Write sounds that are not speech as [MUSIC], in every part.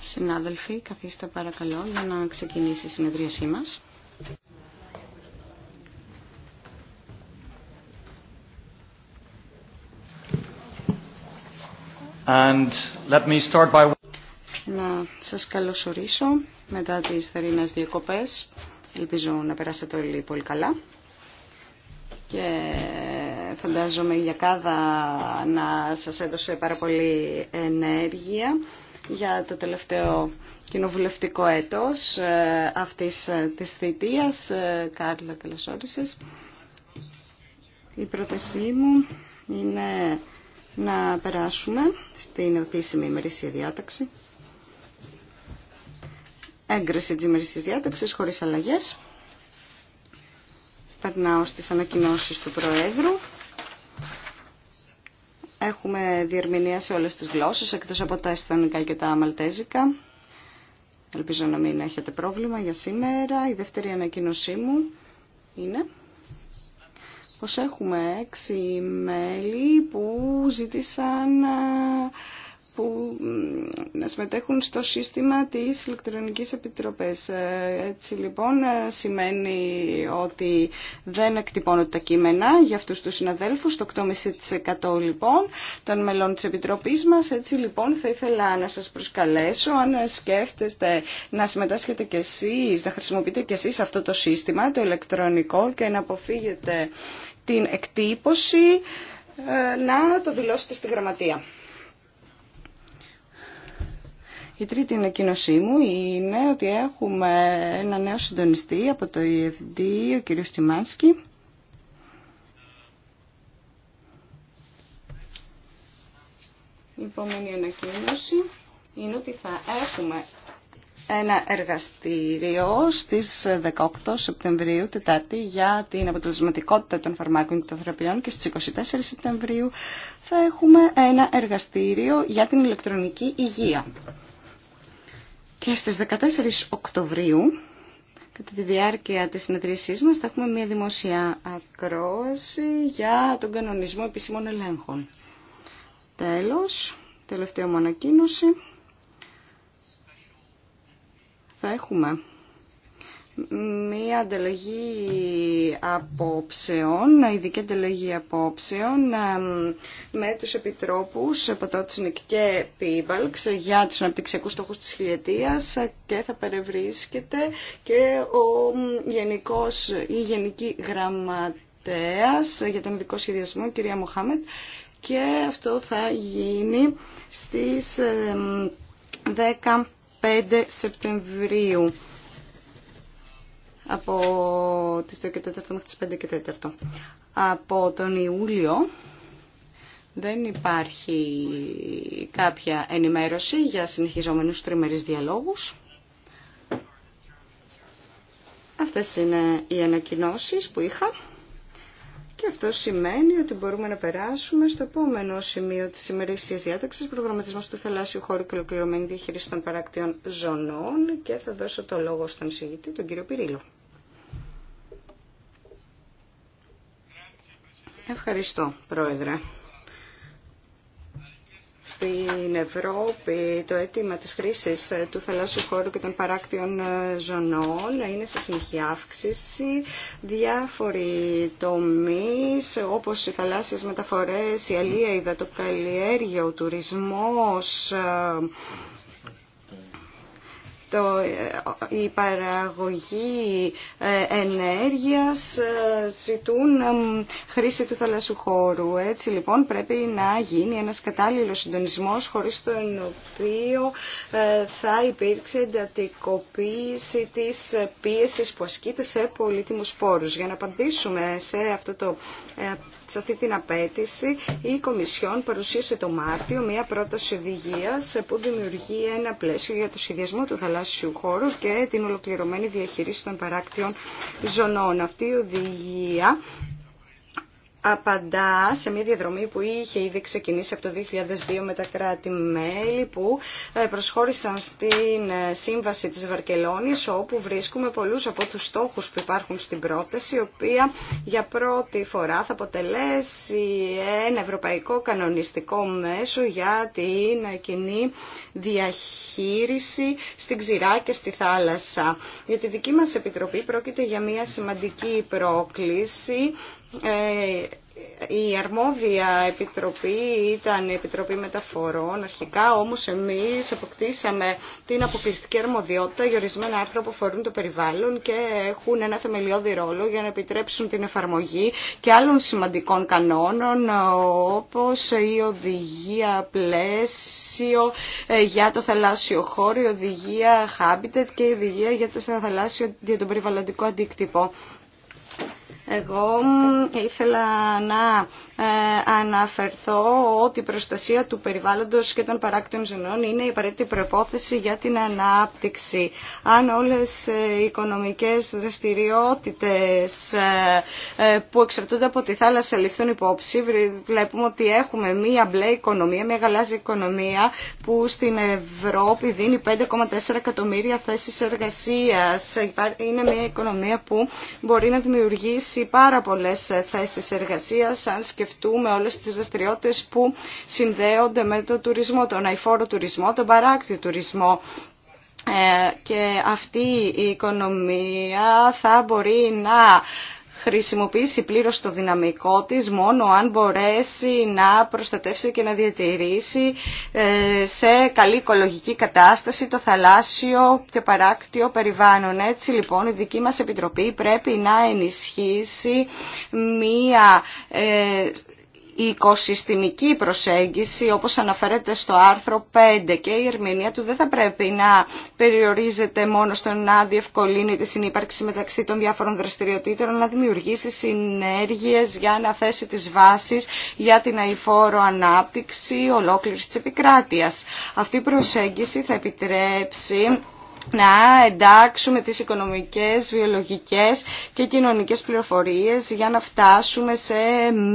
Συνάδελφοι, καθίστε παρακαλώ για να ξεκινήσει η συνεδρίασή μας. And let Να σας καλωσορίσω μετά τις θερινές διακοπές. Ελπίζω να περάσετε όλοι πολύ καλά φαντάζομαι η Λιακάδα να σας έδωσε πάρα πολύ ενέργεια για το τελευταίο κοινοβουλευτικό έτος ε, αυτής ε, της θητείας. Ε, Κάρλα, καλώς Η πρότασή μου είναι να περάσουμε στην επίσημη ημερήσια διάταξη. Έγκριση της ημερήσιας διάταξης χωρίς αλλαγές. Περνάω στις ανακοινώσεις του Προέδρου. Έχουμε διερμηνία σε όλες τις γλώσσες, εκτός από τα αισθανικά και τα αμαλτέζικα. Ελπίζω να μην έχετε πρόβλημα για σήμερα. Η δεύτερη ανακοίνωσή μου είναι πως έχουμε έξι μέλη που ζήτησαν που να συμμετέχουν στο σύστημα της ηλεκτρονικής επιτροπές. Ε, έτσι λοιπόν ε, σημαίνει ότι δεν εκτυπώνονται τα κείμενα για αυτούς τους συναδέλφους, το 8,5% λοιπόν των μελών της Επιτροπής μας. Έτσι λοιπόν θα ήθελα να σας προσκαλέσω αν σκέφτεστε να συμμετάσχετε κι εσείς, να χρησιμοποιείτε κι εσείς αυτό το σύστημα, το ηλεκτρονικό και να αποφύγετε την εκτύπωση ε, να το δηλώσετε στη γραμματεία. Η τρίτη ανακοίνωσή μου είναι ότι έχουμε ένα νέο συντονιστή από το EFD, ο κ. Τσιμάνσκι. Η επόμενη ανακοίνωση είναι ότι θα έχουμε ένα εργαστήριο στις 18 Σεπτεμβρίου, Τετάρτη, για την αποτελεσματικότητα των φαρμάκων και των θεραπείων και στις 24 Σεπτεμβρίου θα έχουμε ένα εργαστήριο για την ηλεκτρονική υγεία. Και στις 14 Οκτωβρίου, κατά τη διάρκεια της συνεδρίασής μας, θα έχουμε μια δημόσια ακρόαση για τον κανονισμό επισήμων ελέγχων. Τέλος, τελευταία μου ανακοίνωση. Θα έχουμε μία ανταλλαγή απόψεων, ειδική ανταλλαγή απόψεων με τους επιτρόπους Ποτότσινικ και Πίμπαλξ για τους αναπτυξιακούς στόχους της χιλιετίας και θα περιβρίσκεται και ο γενικός, η γενική γραμματέας για τον ειδικό σχεδιασμό, η κυρία Μοχάμετ, και αυτό θα γίνει στις 15 Σεπτεμβρίου από τις 2 και 4 μέχρι τις 5 και 4. Από τον Ιούλιο δεν υπάρχει κάποια ενημέρωση για συνεχιζόμενους τριμερείς διαλόγους. Αυτές είναι οι ανακοινώσεις που είχα. Και αυτό σημαίνει ότι μπορούμε να περάσουμε στο επόμενο σημείο της ημερήσιας διάταξης, προγραμματισμός του θαλάσσιου χώρου και ολοκληρωμένη διαχείριση των παράκτιων ζωνών και θα δώσω το λόγο στον συγητή, τον κύριο Πυρίλο. Ευχαριστώ, Πρόεδρε στην Ευρώπη το αίτημα της χρήσης του θαλάσσιου χώρου και των παράκτιων ε, ζωνών είναι σε συνεχή αύξηση. Διάφοροι τομείς όπως οι θαλάσσιες μεταφορές, η αλία, η δατοκαλλιέργεια, ο τουρισμός, ε, το, η παραγωγή ε, ενέργειας ε, ζητούν ε, χρήση του θαλασσού χώρου. Έτσι λοιπόν πρέπει να γίνει ένας κατάλληλος συντονισμός χωρίς τον οποίο θα υπήρξε εντατικοποίηση της πίεσης που ασκείται σε πολύτιμους πόρους. Για να απαντήσουμε σε αυτό το σε αυτή την απέτηση η Κομισιόν παρουσίασε το Μάρτιο μια πρόταση οδηγία που δημιουργεί ένα πλαίσιο για το σχεδιασμό του θαλάσσιου χώρου και την ολοκληρωμένη διαχείριση των παράκτιων ζωνών. Αυτή η απαντά σε μια διαδρομή που είχε ήδη ξεκινήσει από το 2002 με τα κράτη-μέλη που ε, προσχώρησαν στην ε, Σύμβαση της Βαρκελόνης όπου βρίσκουμε πολλούς από τους στόχους που υπάρχουν στην πρόταση η οποία για πρώτη φορά θα αποτελέσει ένα ευρωπαϊκό κανονιστικό μέσο για την ε, κοινή διαχείριση στην ξηρά και στη θάλασσα. Για τη δική μας Επιτροπή πρόκειται για μια σημαντική πρόκληση ε, η αρμόδια επιτροπή ήταν η Επιτροπή Μεταφορών αρχικά, όμως εμείς αποκτήσαμε την αποκλειστική αρμοδιότητα για ορισμένα άρθρα που αφορούν το περιβάλλον και έχουν ένα θεμελιώδη ρόλο για να επιτρέψουν την εφαρμογή και άλλων σημαντικών κανόνων όπως η οδηγία πλαίσιο ε, για το θαλάσσιο χώρο, η οδηγία habitat και η οδηγία για το για τον περιβαλλοντικό αντίκτυπο. Εγώ ήθελα να ε, αναφερθώ ότι η προστασία του περιβάλλοντος και των παράκτων ζωνών είναι η απαραίτητη προπόθεση για την ανάπτυξη. Αν όλες ε, οι οικονομικές δραστηριότητες ε, που εξαρτούνται από τη θάλασσα ληφθούν υπόψη, βλέπουμε ότι έχουμε μία μπλε οικονομία, μία γαλάζια οικονομία που στην Ευρώπη δίνει 5,4 εκατομμύρια θέσεις εργασίας. Είναι μία οικονομία που μπορεί να δημιουργήσει πάρα πολλές θέσεις εργασίας, σκεφτούμε όλες τις δραστηριότητες που συνδέονται με τον τουρισμό, τον αηφόρο τουρισμό, τον παράκτη τουρισμό ε, και αυτή η οικονομία θα μπορεί να χρησιμοποιήσει πλήρως το δυναμικό της μόνο αν μπορέσει να προστατεύσει και να διατηρήσει ε, σε καλή οικολογική κατάσταση το θαλάσσιο και παράκτιο περιβάλλον. Έτσι λοιπόν η δική μας Επιτροπή πρέπει να ενισχύσει μία ε, η οικοσυστημική προσέγγιση όπως αναφέρεται στο άρθρο 5 και η ερμηνεία του δεν θα πρέπει να περιορίζεται μόνο στο να διευκολύνει τη συνύπαρξη μεταξύ των διάφορων δραστηριοτήτων αλλά να δημιουργήσει συνέργειες για να θέσει τις βάσεις για την αηφόρο ανάπτυξη ολόκληρης της επικράτειας. Αυτή η προσέγγιση θα επιτρέψει να εντάξουμε τις οικονομικές, βιολογικές και κοινωνικές πληροφορίες για να φτάσουμε σε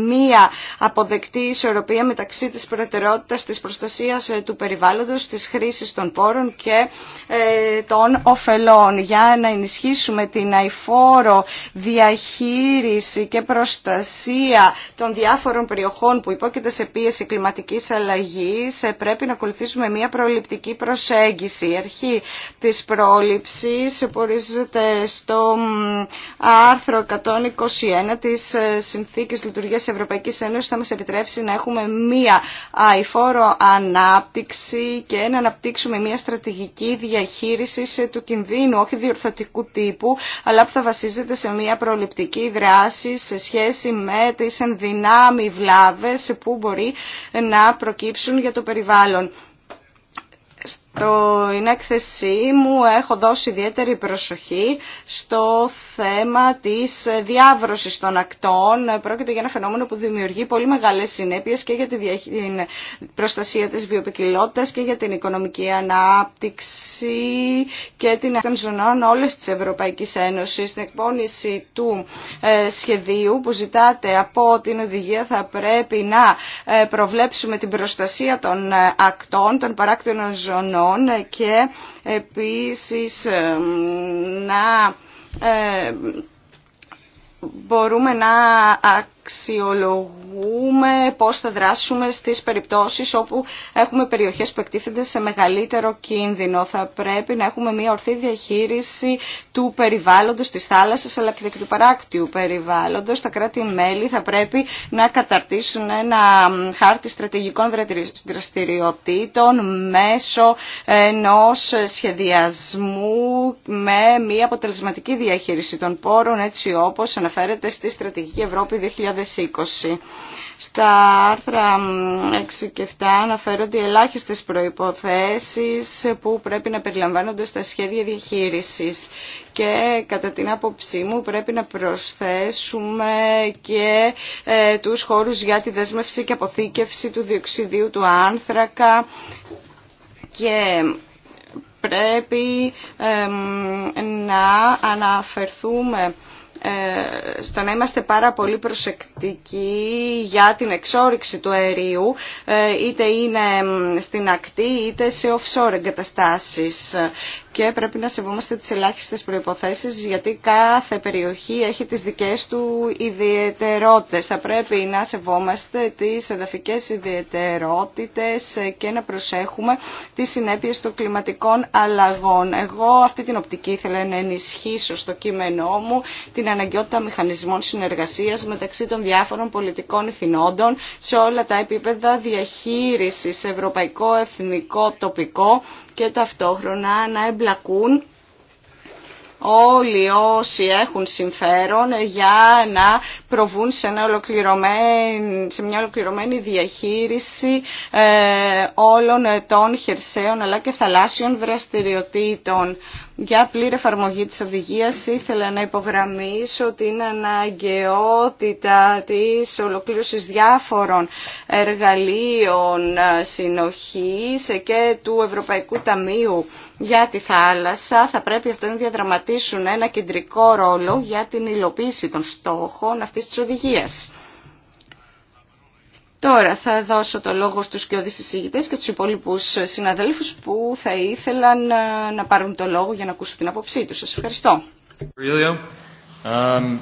μία αποδεκτή ισορροπία μεταξύ της προτεραιότητας, της προστασίας ε, του περιβάλλοντος, της χρήσης των πόρων και ε, των ωφελών για να ενισχύσουμε την αηφόρο διαχείριση και προστασία των διάφορων περιοχών που υπόκειται σε πίεση κλιματικής αλλαγής ε, πρέπει να ακολουθήσουμε μία προληπτική προσέγγιση. Η αρχή της Πρόληψη, πρόληψης ορίζεται στο άρθρο 121 της ε, Συνθήκης Λειτουργίας Ευρωπαϊκής Ένωσης θα μας επιτρέψει να έχουμε μία αηφόρο ανάπτυξη και να αναπτύξουμε μία στρατηγική διαχείριση του κινδύνου, όχι διορθωτικού τύπου, αλλά που θα βασίζεται σε μία προληπτική δράση σε σχέση με τις ενδυνάμει βλάβες που μπορεί να προκύψουν για το περιβάλλον στην έκθεσή μου έχω δώσει ιδιαίτερη προσοχή στο θέμα της διάβρωσης των ακτών. Πρόκειται για ένα φαινόμενο που δημιουργεί πολύ μεγάλες συνέπειες και για την προστασία της βιοπικιλότητας και για την οικονομική ανάπτυξη και την των ζωνών όλες της Ευρωπαϊκής Ένωσης. Στην εκπόνηση του ε, σχεδίου που ζητάτε από την οδηγία θα πρέπει να ε, προβλέψουμε την προστασία των ε, ακτών, των παράκτηνων ζωνών και επίσης ε, να ε, μπορούμε να αξιολογούμε πώς θα δράσουμε στις περιπτώσεις όπου έχουμε περιοχές που εκτίθενται σε μεγαλύτερο κίνδυνο. Θα πρέπει να έχουμε μια ορθή διαχείριση του περιβάλλοντος, της θάλασσας αλλά και του παράκτιου περιβάλλοντος. Τα κράτη-μέλη θα πρέπει να καταρτήσουν ένα χάρτη στρατηγικών δραστηριοτήτων μέσω ενός σχεδιασμού με μια αποτελεσματική διαχείριση των πόρων έτσι όπως αναφέρεται στη Στρατηγική Ευρώπη 2020. Στα άρθρα 6 και 7 αναφέρονται οι ελάχιστες προϋποθέσεις που πρέπει να περιλαμβάνονται στα σχέδια διαχείρισης και κατά την άποψή μου πρέπει να προσθέσουμε και ε, τους χώρους για τη δέσμευση και αποθήκευση του διοξιδίου του άνθρακα και πρέπει να αναφερθούμε ε, στο να είμαστε πάρα πολύ προσεκτικοί για την εξόριξη του αερίου, ε, είτε είναι στην ακτή είτε σε offshore εγκαταστάσεις και πρέπει να σεβόμαστε τις ελάχιστες προϋποθέσεις γιατί κάθε περιοχή έχει τις δικές του ιδιαιτερότητες. Θα πρέπει να σεβόμαστε τις εδαφικές ιδιαιτερότητες και να προσέχουμε τις συνέπειες των κλιματικών αλλαγών. Εγώ αυτή την οπτική ήθελα να ενισχύσω στο κείμενό μου την αναγκαιότητα μηχανισμών συνεργασίας μεταξύ των διάφορων πολιτικών ηθινόντων σε όλα τα επίπεδα διαχείρισης, ευρωπαϊκό, εθνικό, τοπικό και ταυτόχρονα να εμπλακούν όλοι όσοι έχουν συμφέρον για να προβούν σε, ένα σε μια ολοκληρωμένη διαχείριση ε, όλων των χερσαίων αλλά και θαλάσσιων δραστηριοτήτων. Για πλήρη εφαρμογή της οδηγίας ήθελα να υπογραμμίσω την αναγκαιότητα της ολοκλήρωσης διάφορων εργαλείων συνοχής και του Ευρωπαϊκού Ταμείου για τη θάλασσα θα πρέπει αυτά να διαδραματίσουν ένα κεντρικό ρόλο για την υλοποίηση των στόχων αυτής της οδηγίας. Τώρα θα δώσω το λόγο στους σκιώδη εισηγητές και τους υπόλοιπους συναδέλφους που θα ήθελαν ε, να πάρουν το λόγο για να ακούσουν την απόψή τους. Σας ευχαριστώ. Um,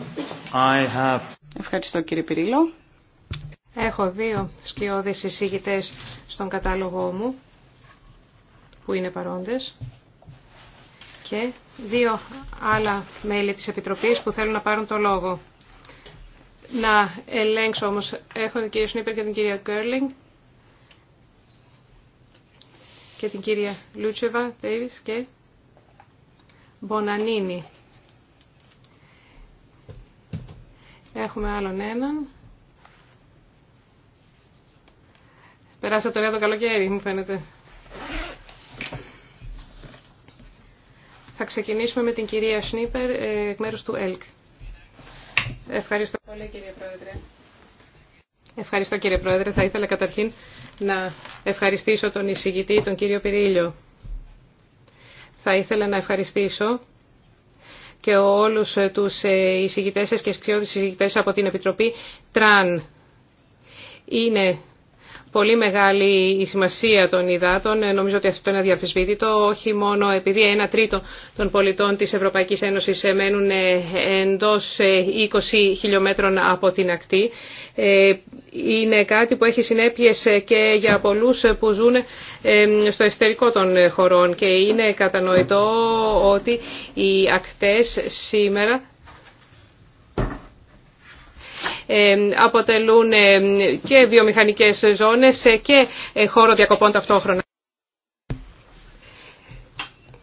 ευχαριστώ κύριε Πυρίλο. Έχω δύο σκιώδεις εισηγητές στον κατάλογό μου που είναι παρόντες και δύο άλλα μέλη της Επιτροπής που θέλουν να πάρουν το λόγο. Να ελέγξω όμως, έχω την κυρία Σνίπερ και την κυρία Κέρλινγκ και την κυρία Λούτσεβα, Τέιβις και Μπονανίνη. Έχουμε άλλον έναν. Περάσατε ωραία το καλοκαίρι, μου φαίνεται. Θα ξεκινήσουμε με την κυρία Σνίπερ, ε, εκ μέρους του ΕΛΚ. Ευχαριστώ πολύ κύριε Πρόεδρε. Ευχαριστώ κύριε Πρόεδρε. Θα ήθελα καταρχήν να ευχαριστήσω τον εισηγητή, τον κύριο Πυρίλιο. Θα ήθελα να ευχαριστήσω και όλους τους ε, εισηγητές και σκιώδεις εισηγητές από την Επιτροπή ΤΡΑΝ. Είναι πολύ μεγάλη η σημασία των υδάτων. Ε, νομίζω ότι αυτό είναι αδιαφυσβήτητο. όχι μόνο επειδή ένα τρίτο των πολιτών της Ευρωπαϊκής Ένωσης ε, μένουν ε, εντός 20 χιλιόμετρων από την ακτή. Είναι κάτι που έχει συνέπειες και για πολλούς που ζουν στο εσωτερικό των χωρών και είναι κατανοητό ότι οι ακτές σήμερα αποτελούν και βιομηχανικές ζώνες ε, και ε, χώρο διακοπών ταυτόχρονα.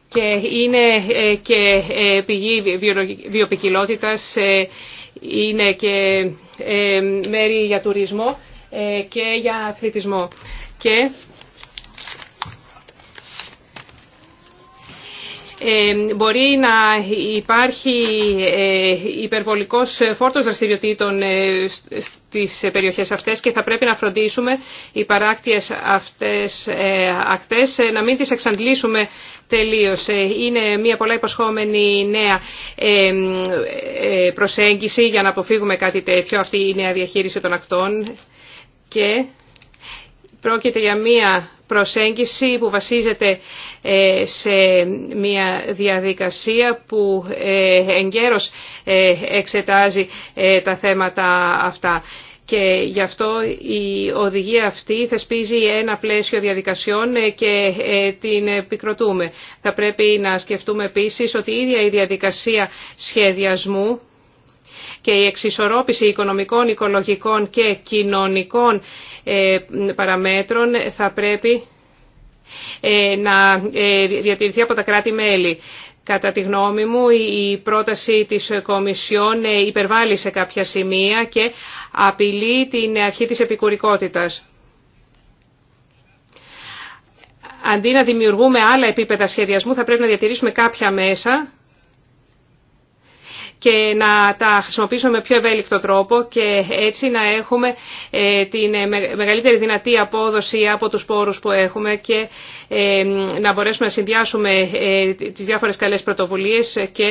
Και είναι ε, και πηγή βιοπικιλότητας, είναι και μέρη για τουρισμό και για αθλητισμό. Και Ε, μπορεί να υπάρχει ε, υπερβολικός φόρτος δραστηριοτήτων ε, στις περιοχές αυτές και θα πρέπει να φροντίσουμε οι παράκτιες αυτές ακτές να μην τις εξαντλήσουμε τελείως. Είναι μια πολλά υποσχόμενη νέα προσέγγιση για να αποφύγουμε κάτι τέτοιο, αυτή η νέα διαχείριση των ακτών και πρόκειται για μια προσέγγιση που βασίζεται ε, σε μια διαδικασία που ε, εγκαίρως ε, εξετάζει τα θέματα αυτά. Και γι' αυτό η οδηγία αυτή θεσπίζει ένα πλαίσιο διαδικασιών και την επικροτούμε. Θα πρέπει να σκεφτούμε επίσης ότι η ίδια η διαδικασία σχεδιασμού και η εξισορρόπηση οικονομικών, οικολογικών και κοινωνικών παραμέτρων θα πρέπει ε, να ε, διατηρηθεί από τα κράτη-μέλη. Κατά τη γνώμη μου, η πρόταση της Κομισιόν ε, υπερβάλλει σε κάποια σημεία και απειλεί την αρχή της επικουρικότητας. Αντί να δημιουργούμε άλλα επίπεδα σχεδιασμού, θα πρέπει να διατηρήσουμε κάποια μέσα και να τα χρησιμοποιήσουμε με πιο ευέλικτο τρόπο και έτσι να έχουμε ε, την ε, μεγαλύτερη δυνατή απόδοση από τους πόρους που έχουμε και ε, να μπορέσουμε να συνδυάσουμε τις διάφορες καλές πρωτοβουλίες και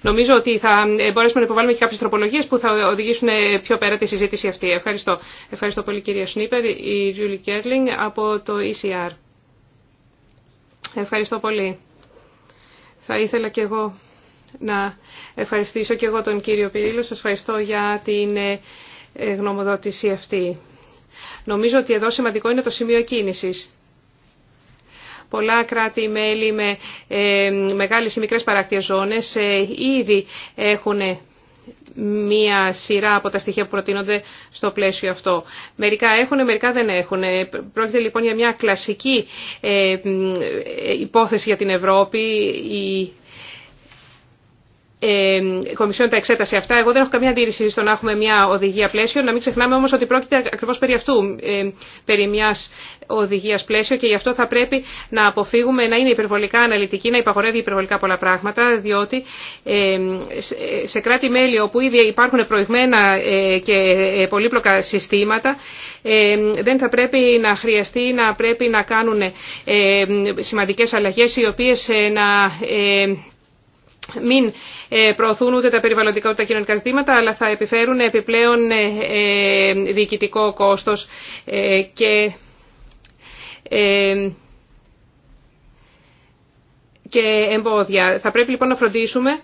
νομίζω ότι θα μπορέσουμε να υποβάλουμε και κάποιες τροπολογίες που θα οδηγήσουν πιο πέρα τη συζήτηση αυτή. Ευχαριστώ. Ευχαριστώ πολύ κυρία Σνίπερ, η Julie Κέρλινγκ από το ECR. Ευχαριστώ πολύ. Θα ήθελα και εγώ να ευχαριστήσω και εγώ τον κύριο Πυρίλο. Σας ευχαριστώ για την ε, ε, γνωμοδότηση αυτή. Νομίζω ότι εδώ σημαντικό είναι το σημείο κίνησης. Πολλά κράτη-μέλη με ε, μεγάλες ή μικρές παράκτιες ζώνες ήδη έχουν μία σειρά από τα στοιχεία που προτείνονται στο πλαίσιο αυτό. Μερικά έχουν, μερικά δεν έχουν. Ε, πρόκειται λοιπόν για μια κλασική ε, ε, υπόθεση για την Ευρώπη. Η η Κομισιόν τα εξέτασε αυτά. Εγώ δεν έχω καμία αντίρρηση στο να έχουμε μια οδηγία πλαίσιο. Να μην ξεχνάμε όμω ότι πρόκειται ακριβώ περί αυτού, περί μια οδηγία πλαίσιο και γι' αυτό θα πρέπει να αποφύγουμε να είναι υπερβολικά αναλυτική, να υπαγορεύει υπερβολικά πολλά πράγματα, διότι σε κράτη-μέλη όπου ήδη υπάρχουν προηγμένα ε, και ε, πολύπλοκα συστήματα, δεν θα πρέπει να χρειαστεί να πρέπει να κάνουν σημαντικές αλλαγές οι οποίες ε, να μην ε, προωθούν ούτε τα περιβαλλοντικά ούτε τα κοινωνικά ζητήματα, αλλά θα επιφέρουν επιπλέον ε, ε, διοικητικό κόστος και και εμπόδια. Θα πρέπει λοιπόν να φροντίσουμε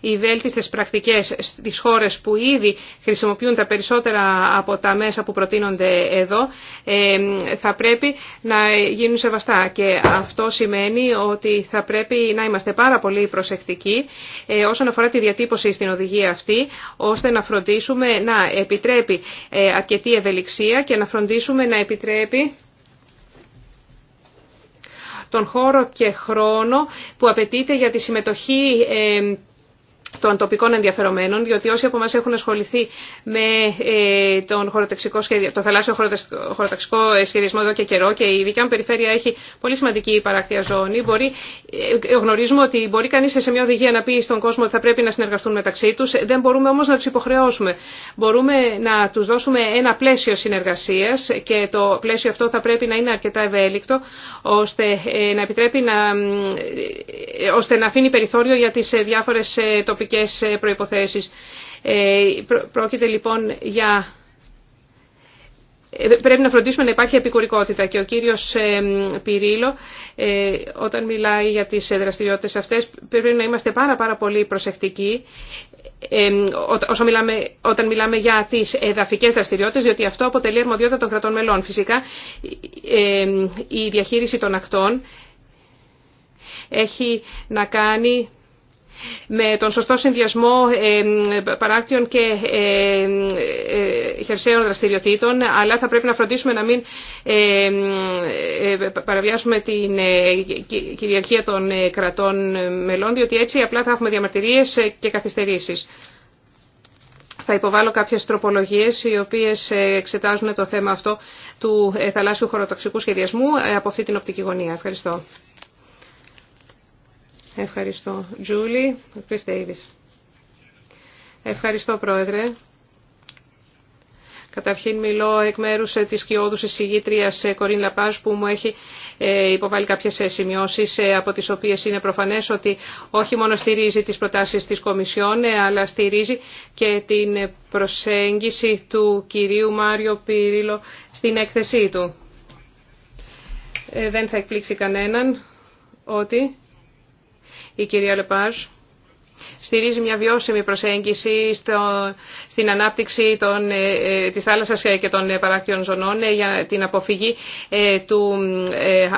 οι βέλτιστες πρακτικές στις χώρες που ήδη χρησιμοποιούν τα περισσότερα από τα μέσα που προτείνονται εδώ ε, θα πρέπει να γίνουν σεβαστά. Και αυτό σημαίνει ότι θα πρέπει να είμαστε πάρα πολύ προσεκτικοί ε, όσον αφορά τη διατύπωση στην οδηγία αυτή, ώστε να φροντίσουμε να επιτρέπει ε, αρκετή ευελιξία και να φροντίσουμε να επιτρέπει τον χώρο και χρόνο που απαιτείται για τη συμμετοχή των τοπικών ενδιαφερομένων, διότι όσοι από εμά έχουν ασχοληθεί με ε, τον χωροταξικό σχεδιο, το θαλάσσιο χωροταξικό ε, σχεδιασμό εδώ και καιρό και η δικιά μου περιφέρεια έχει πολύ σημαντική παράκτεια ζώνη, μπορεί, ε, γνωρίζουμε ότι μπορεί κανεί σε μια οδηγία να πει στον κόσμο ότι θα πρέπει να συνεργαστούν μεταξύ του. Δεν μπορούμε όμω να του υποχρεώσουμε. Μπορούμε να του δώσουμε ένα πλαίσιο συνεργασία και το πλαίσιο αυτό θα πρέπει να είναι αρκετά ευέλικτο ώστε να επιτρέπει να, ώστε να αφήνει περιθώριο για τι διάφορε τοπικέ τοπικές ε, προϋποθέσεις. Ε, πρόκειται λοιπόν για... Ε, πρέπει να φροντίσουμε να υπάρχει επικουρικότητα και ο κύριος Πυρίλο όταν μιλάει για τις δραστηριότητες αυτές πρέπει να είμαστε πάρα πάρα πολύ προσεκτικοί όσο μιλάμε, όταν μιλάμε για τις εδαφικές δραστηριότητες διότι αυτό αποτελεί αρμοδιότητα των κρατών μελών. Φυσικά η διαχείριση των ακτών έχει να κάνει με τον σωστό συνδυασμό ε, παράκτιων και ε, ε, χερσαίων δραστηριοτήτων, αλλά θα πρέπει να φροντίσουμε να μην παραβιάσουμε την κυριαρχία των κρατών μελών, διότι έτσι απλά θα έχουμε διαμαρτυρίες και καθυστερήσεις. Θα υποβάλω κάποιες τροπολογίες οι οποίες εξετάζουν το θέμα αυτό του θαλάσσιου χωροτοξικού σχεδιασμού από αυτή την οπτική γωνία. Ευχαριστώ. Ευχαριστώ. Τζούλη, Ευχαριστώ, Πρόεδρε. Καταρχήν μιλώ εκ μέρους ε, της κοιόδους εισηγήτριας ε, Κορίν Λαπάζ που μου έχει ε, υποβάλει κάποιες σημειώσεις από τις οποίες είναι προφανές ότι όχι μόνο στηρίζει τις προτάσεις της Κομισιόν αλλά στηρίζει και την προσέγγιση του κυρίου Μάριο Πυρίλο στην έκθεσή του. Δεν θα εκπλήξει κανέναν ότι η κυρία Λεπάζ στηρίζει μια βιώσιμη προσέγγιση στο, στην ανάπτυξη των, ε, ε της θάλασσας και των ε, παράκτιων ζωνών ε, για την αποφυγή του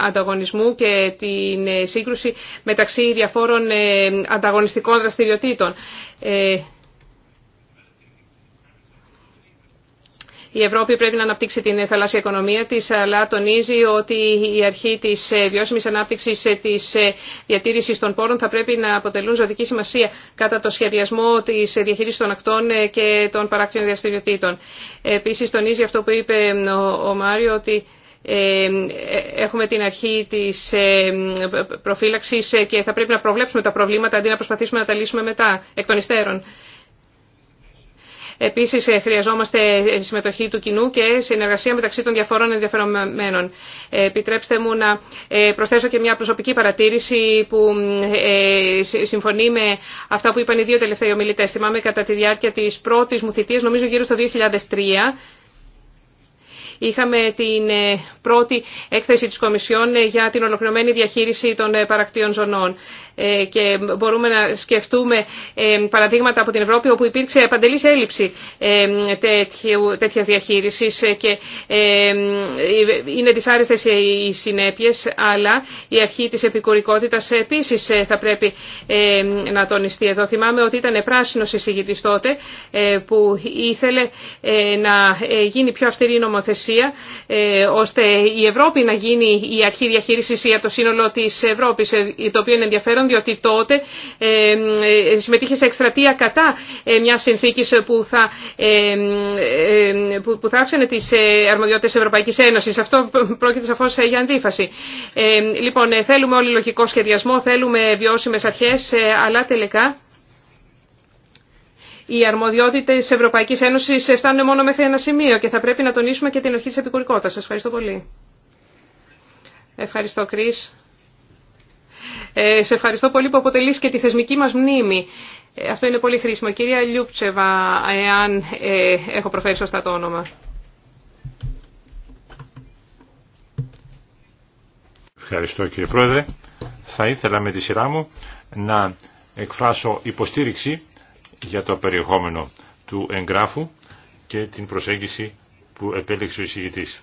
ανταγωνισμού και την σύγκρουση μεταξύ διαφόρων ανταγωνιστικών δραστηριοτήτων. Η Ευρώπη πρέπει να αναπτύξει την θαλάσσια οικονομία της, αλλά τονίζει ότι η αρχή της ε, βιώσιμης ανάπτυξης ε, της ε, διατήρησης των πόρων θα πρέπει να αποτελούν ζωτική σημασία κατά το σχεδιασμό της διαχείρισης των ακτών και των παράκτιων διαστηριοτήτων. Επίσης τονίζει αυτό που είπε ο Μάριο ότι έχουμε την αρχή της προφύλαξης και θα πρέπει να προβλέψουμε τα προβλήματα αντί να προσπαθήσουμε να τα λύσουμε μετά εκ των υστέρων. Επίσης ε, χρειαζόμαστε ε, συμμετοχή του κοινού και συνεργασία μεταξύ των διαφορών ενδιαφερομένων. Ε, επιτρέψτε μου να προσθέσω και μια προσωπική παρατήρηση που συμφωνεί με αυτά που είπαν οι δύο τελευταίοι ομιλητέ. Θυμάμαι κατά τη διάρκεια τη πρώτη μου θητεία, νομίζω γύρω στο 2003, Είχαμε την ε, πρώτη έκθεση της Κομισιόν ε, για την ολοκληρωμένη διαχείριση των ε, παρακτήων ζωνών και μπορούμε να σκεφτούμε παραδείγματα από την Ευρώπη όπου υπήρξε παντελής έλλειψη τέτοιας διαχείρισης και είναι δυσάρεστες οι συνέπειες αλλά η αρχή της επικουρικότητας επίσης θα πρέπει να τονιστεί εδώ. Θυμάμαι ότι ήταν πράσινο εισηγητής τότε που ήθελε να γίνει πιο αυστηρή νομοθεσία ε, ώστε η Ευρώπη να γίνει η αρχή διαχείριση για το σύνολο της Ευρώπης, ε, το οποίο είναι ενδιαφέρον διότι τότε ε, ε, συμμετείχε σε εκστρατεία κατά μια συνθήκη που θα, που θα αύξανε τις αρμοδιότητες Ευρωπαϊκής Ένωσης. Αυτό πρόκειται σαφώς για αντίφαση. Λοιπόν, θέλουμε όλοι λογικό σχεδιασμό, θέλουμε βιώσιμες αρχές, αλλά τελικά οι αρμοδιότητε τη Ευρωπαϊκή Ένωση φτάνουν μόνο μέχρι ένα σημείο και θα πρέπει να τονίσουμε και την αρχή τη επικουρικότητα. Σα ευχαριστώ πολύ. Ευχαριστώ, Κρι. Ε, σε ευχαριστώ πολύ που αποτελείς και τη θεσμική μας μνήμη. Ε, αυτό είναι πολύ χρήσιμο. Κυρία Λιούπτσεβα, εάν ε, έχω προφέρει σωστά το όνομα. Ευχαριστώ κύριε Πρόεδρε. Θα ήθελα με τη σειρά μου να εκφράσω υποστήριξη για το περιεχόμενο του εγγράφου και την προσέγγιση που επέλεξε ο εισηγητής.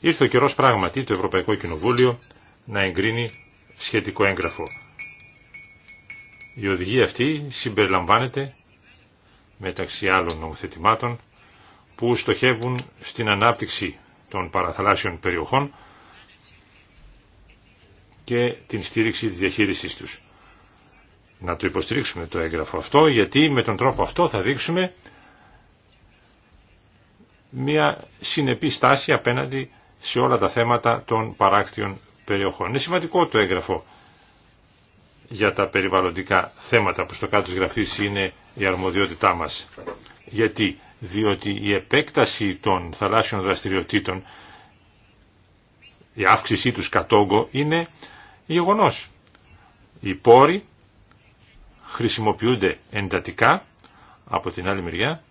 Ήρθε ο καιρός πράγματι το Ευρωπαϊκό Κοινοβούλιο να εγκρίνει σχετικό έγγραφο. Η οδηγία αυτή συμπεριλαμβάνεται μεταξύ άλλων νομοθετημάτων που στοχεύουν στην ανάπτυξη των παραθαλάσσιων περιοχών και την στήριξη της διαχείρισής τους να το υποστηρίξουμε το έγγραφο αυτό γιατί με τον τρόπο αυτό θα δείξουμε μια συνεπή στάση απέναντι σε όλα τα θέματα των παράκτιων περιοχών. Είναι σημαντικό το έγγραφο για τα περιβαλλοντικά θέματα που στο κάτω της γραφής είναι η αρμοδιότητά μας. Γιατί, διότι η επέκταση των θαλάσσιων δραστηριοτήτων, η αύξησή τους κατόγκο είναι γεγονός. Οι πόροι χρησιμοποιούνται εντατικά από την άλλη μεριά,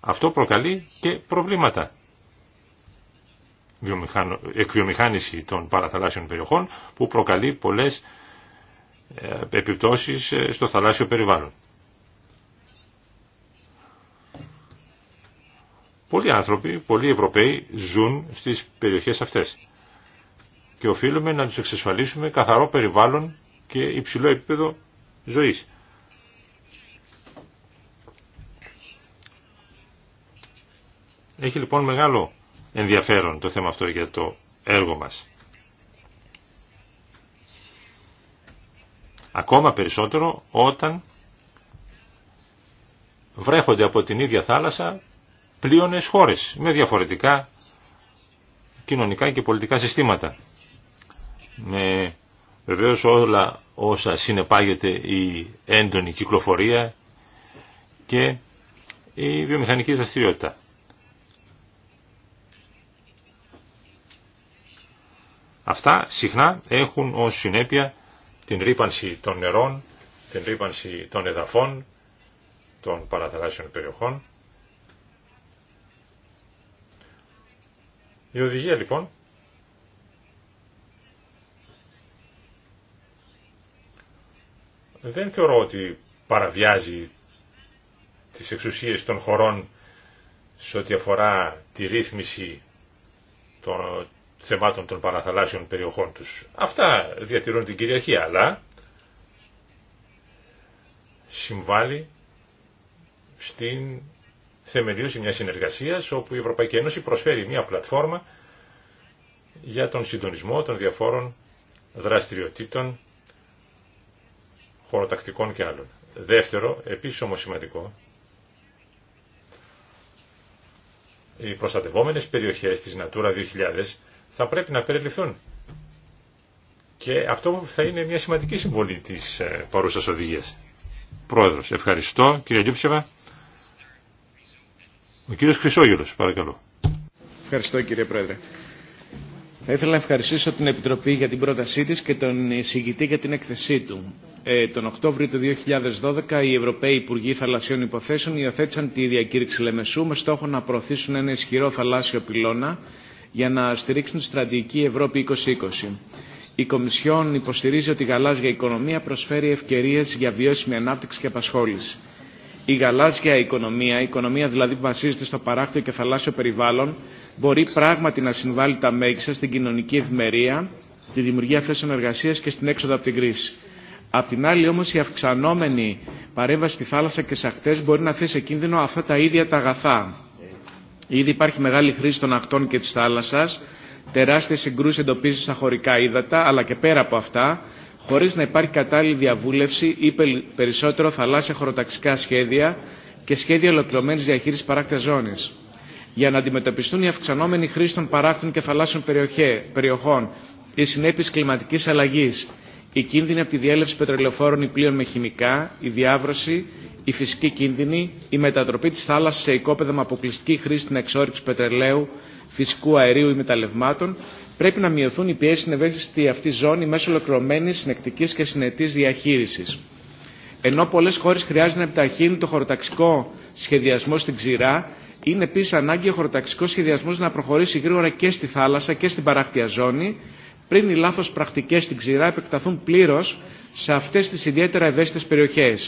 αυτό προκαλεί και προβλήματα. Εκβιομηχάνηση των παραθαλάσσιων περιοχών που προκαλεί πολλές ε, επιπτώσεις ε, στο θαλάσσιο περιβάλλον. Πολλοί άνθρωποι, πολλοί Ευρωπαίοι ζουν στις περιοχές αυτές και οφείλουμε να τους εξασφαλίσουμε καθαρό περιβάλλον και υψηλό επίπεδο ζωής. Έχει λοιπόν μεγάλο ενδιαφέρον το θέμα αυτό για το έργο μας. Ακόμα περισσότερο όταν βρέχονται από την ίδια θάλασσα πλείονες χώρες με διαφορετικά κοινωνικά και πολιτικά συστήματα. Με βεβαίως όλα όσα συνεπάγεται η έντονη κυκλοφορία και η βιομηχανική δραστηριότητα. Αυτά συχνά έχουν ως συνέπεια την ρήπανση των νερών, την ρήπανση των εδαφών, των παραθαλάσσιων περιοχών. Η οδηγία λοιπόν δεν θεωρώ ότι παραβιάζει τις εξουσίες των χωρών σε ό,τι αφορά τη ρύθμιση των θεμάτων των παραθαλάσσιων περιοχών τους. Αυτά διατηρούν την κυριαρχία, αλλά συμβάλλει στην θεμελίωση μιας συνεργασίας όπου η Ευρωπαϊκή Ένωση προσφέρει μια πλατφόρμα για τον συντονισμό των διαφόρων δραστηριοτήτων χωροτακτικών και άλλων. Δεύτερο, επίσης όμως σημαντικό, οι προστατευόμενες περιοχές της Natura 2000 θα πρέπει να περιληφθούν. Και αυτό θα είναι μια σημαντική συμβολή της ε, παρούσας οδηγίας. Πρόεδρος, ευχαριστώ. Κύριε Λίψεβα. Ο κύριος Χρυσόγελος, παρακαλώ. Ευχαριστώ κύριε Πρόεδρε. Θα ήθελα να ευχαριστήσω την Επιτροπή για την πρότασή της και τον εισηγητή για την έκθεσή του. Ε, τον Οκτώβριο του 2012 οι Ευρωπαίοι Υπουργοί Θαλασσίων Υποθέσεων υιοθέτησαν τη διακήρυξη Λεμεσού με στόχο να προωθήσουν ένα ισχυρό θαλάσσιο πυλώνα για να στηρίξουν τη στρατηγική Ευρώπη 2020. Η Κομισιόν υποστηρίζει ότι η γαλάζια οικονομία προσφέρει ευκαιρίε για βιώσιμη ανάπτυξη και απασχόληση. Η γαλάζια οικονομία, η οικονομία δηλαδή που βασίζεται στο παράκτιο και θαλάσσιο περιβάλλον, μπορεί πράγματι να συμβάλλει τα μέγιστα στην κοινωνική ευημερία, τη δημιουργία θέσεων εργασία και στην έξοδο από την κρίση. Απ' την άλλη όμω η αυξανόμενη παρέμβαση στη θάλασσα και σε ακτέ μπορεί να θέσει σε κίνδυνο αυτά τα ίδια τα αγαθά. Ήδη υπάρχει μεγάλη χρήση των ακτών και τη θάλασσα, Τεράστιε συγκρούσει εντοπίζει στα χωρικά ύδατα, αλλά και πέρα από αυτά, χωρί να υπάρχει κατάλληλη διαβούλευση ή περισσότερο θαλάσσια χωροταξικά σχέδια και σχέδια ολοκληρωμένη διαχείριση παράκτα ζώνη. Για να αντιμετωπιστούν οι αυξανόμενοι χρήση των παράκτων και θαλάσσιων περιοχών, οι συνέπειε κλιματική αλλαγή, οι κίνδυνοι από τη διέλευση πετρελαιοφόρων ή πλοίων με χημικά, η διάβρωση, η φυσική κίνδυνη, η μετατροπή της θάλασσα σε οικόπεδα με αποκλειστική χρήση στην εξόρυξη πετρελαίου, φυσικού αερίου ή μεταλλευμάτων, πρέπει να μειωθούν οι πιέσεις στην ευαίσθητη αυτή ζώνη μέσω ολοκληρωμένη, συνεκτική και συνετής διαχείρισης. Ενώ πολλέ χώρε χρειάζεται να επιταχύνουν το χωροταξικό σχεδιασμό στην ξηρά, είναι επίση ανάγκη ο χωροταξικό σχεδιασμό να προχωρήσει γρήγορα και στη θάλασσα και στην παράκτια ζώνη, πριν οι λάθο πρακτικέ στην ξηρά επεκταθούν πλήρω σε αυτέ τι ιδιαίτερα ευαίσθητε περιοχέ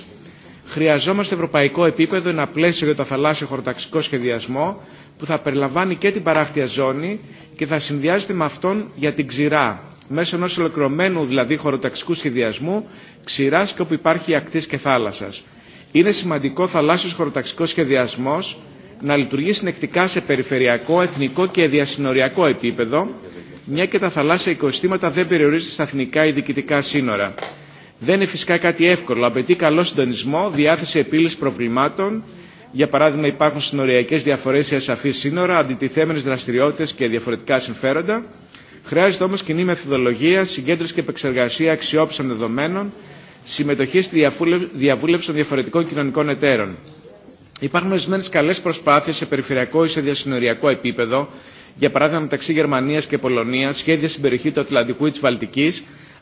χρειαζόμαστε ευρωπαϊκό επίπεδο ένα πλαίσιο για το θαλάσσιο χωροταξικό σχεδιασμό που θα περιλαμβάνει και την παράκτια ζώνη και θα συνδυάζεται με αυτόν για την ξηρά, μέσω ενό ολοκληρωμένου δηλαδή χωροταξικού σχεδιασμού ξηρά και όπου υπάρχει ακτή και θάλασσα. Είναι σημαντικό θαλάσσιο χωροταξικό σχεδιασμό να λειτουργεί συνεκτικά σε περιφερειακό, εθνικό και διασυνοριακό επίπεδο, μια και τα θαλάσσια οικοστήματα δεν περιορίζονται στα εθνικά ή διοικητικά σύνορα. Δεν είναι φυσικά κάτι εύκολο. Απαιτεί καλό συντονισμό, διάθεση επίλυση προβλημάτων. Για παράδειγμα, υπάρχουν συνοριακέ διαφορέ ή ασαφεί σύνορα, αντιτιθέμενε δραστηριότητε και διαφορετικά συμφέροντα. Χρειάζεται όμω κοινή μεθοδολογία, συγκέντρωση και επεξεργασία αξιόπιστων δεδομένων, συμμετοχή στη διαβούλευση των διαφορετικών κοινωνικών εταίρων. Υπάρχουν ορισμένε καλέ προσπάθειε σε περιφερειακό ή σε διασυνοριακό επίπεδο, για παράδειγμα μεταξύ Γερμανία και Πολωνία, σχέδια στην περιοχή του Ατλαντικού ή τη Βαλτική,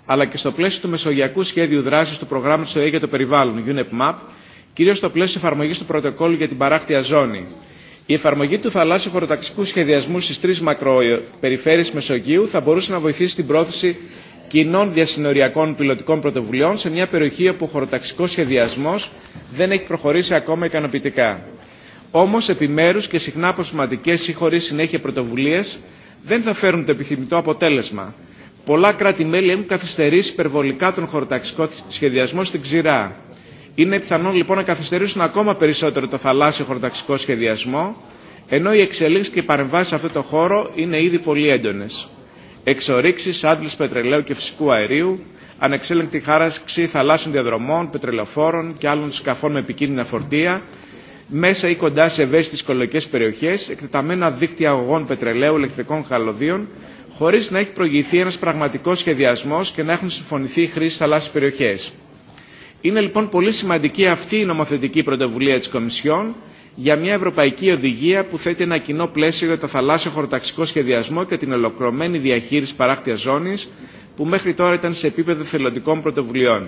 αλλά και στο πλαίσιο του Μεσογειακού Σχέδιου Δράση του Προγράμματο ΕΕ για το Περιβάλλον, UNEP-MAP, κυρίω στο πλαίσιο εφαρμογή του Πρωτοκόλλου για την Παράκτια Ζώνη. Η εφαρμογή του θαλάσσιου χωροταξικού σχεδιασμού στι τρει μακροπεριφέρειε Μεσογείου θα μπορούσε να βοηθήσει την πρόθεση κοινών διασυνοριακών πιλωτικών πρωτοβουλειών σε μια περιοχή όπου ο χωροταξικό σχεδιασμό δεν έχει προχωρήσει ακόμα ικανοποιητικά. Όμω, επιμέρου και συχνά αποσυμματικέ ή χωρί συνέχεια πρωτοβουλίε δεν θα φέρουν το επιθυμητό αποτέλεσμα Πολλά κράτη-μέλη έχουν καθυστερήσει υπερβολικά τον χωροταξικό σχεδιασμό στην ξηρά. Είναι πιθανόν λοιπόν να καθυστερήσουν ακόμα περισσότερο το θαλάσσιο χωροταξικό σχεδιασμό, ενώ οι εξελίξει και οι παρεμβάσει σε αυτό το χώρο είναι ήδη πολύ έντονε. Εξορίξει, άντλη πετρελαίου και φυσικού αερίου, ανεξέλεγκτη χάραξη θαλάσσιων διαδρομών, πετρελοφόρων και άλλων σκαφών με επικίνδυνα φορτία, μέσα ή κοντά σε ευαίσθητε οικολογικέ περιοχέ, εκτεταμένα δίκτυα αγωγών πετρελαίου, ηλεκτρικών χαλωδίων χωρί να έχει προηγηθεί ένα πραγματικό σχεδιασμό και να έχουν συμφωνηθεί οι χρήσει θαλάσσιε περιοχέ. Είναι λοιπόν πολύ σημαντική αυτή η νομοθετική πρωτοβουλία τη Κομισιόν για μια ευρωπαϊκή οδηγία που θέτει ένα κοινό πλαίσιο για το θαλάσσιο χωροταξικό σχεδιασμό και την ολοκληρωμένη διαχείριση παράκτια ζώνη που μέχρι τώρα ήταν σε επίπεδο θελοντικών πρωτοβουλειών.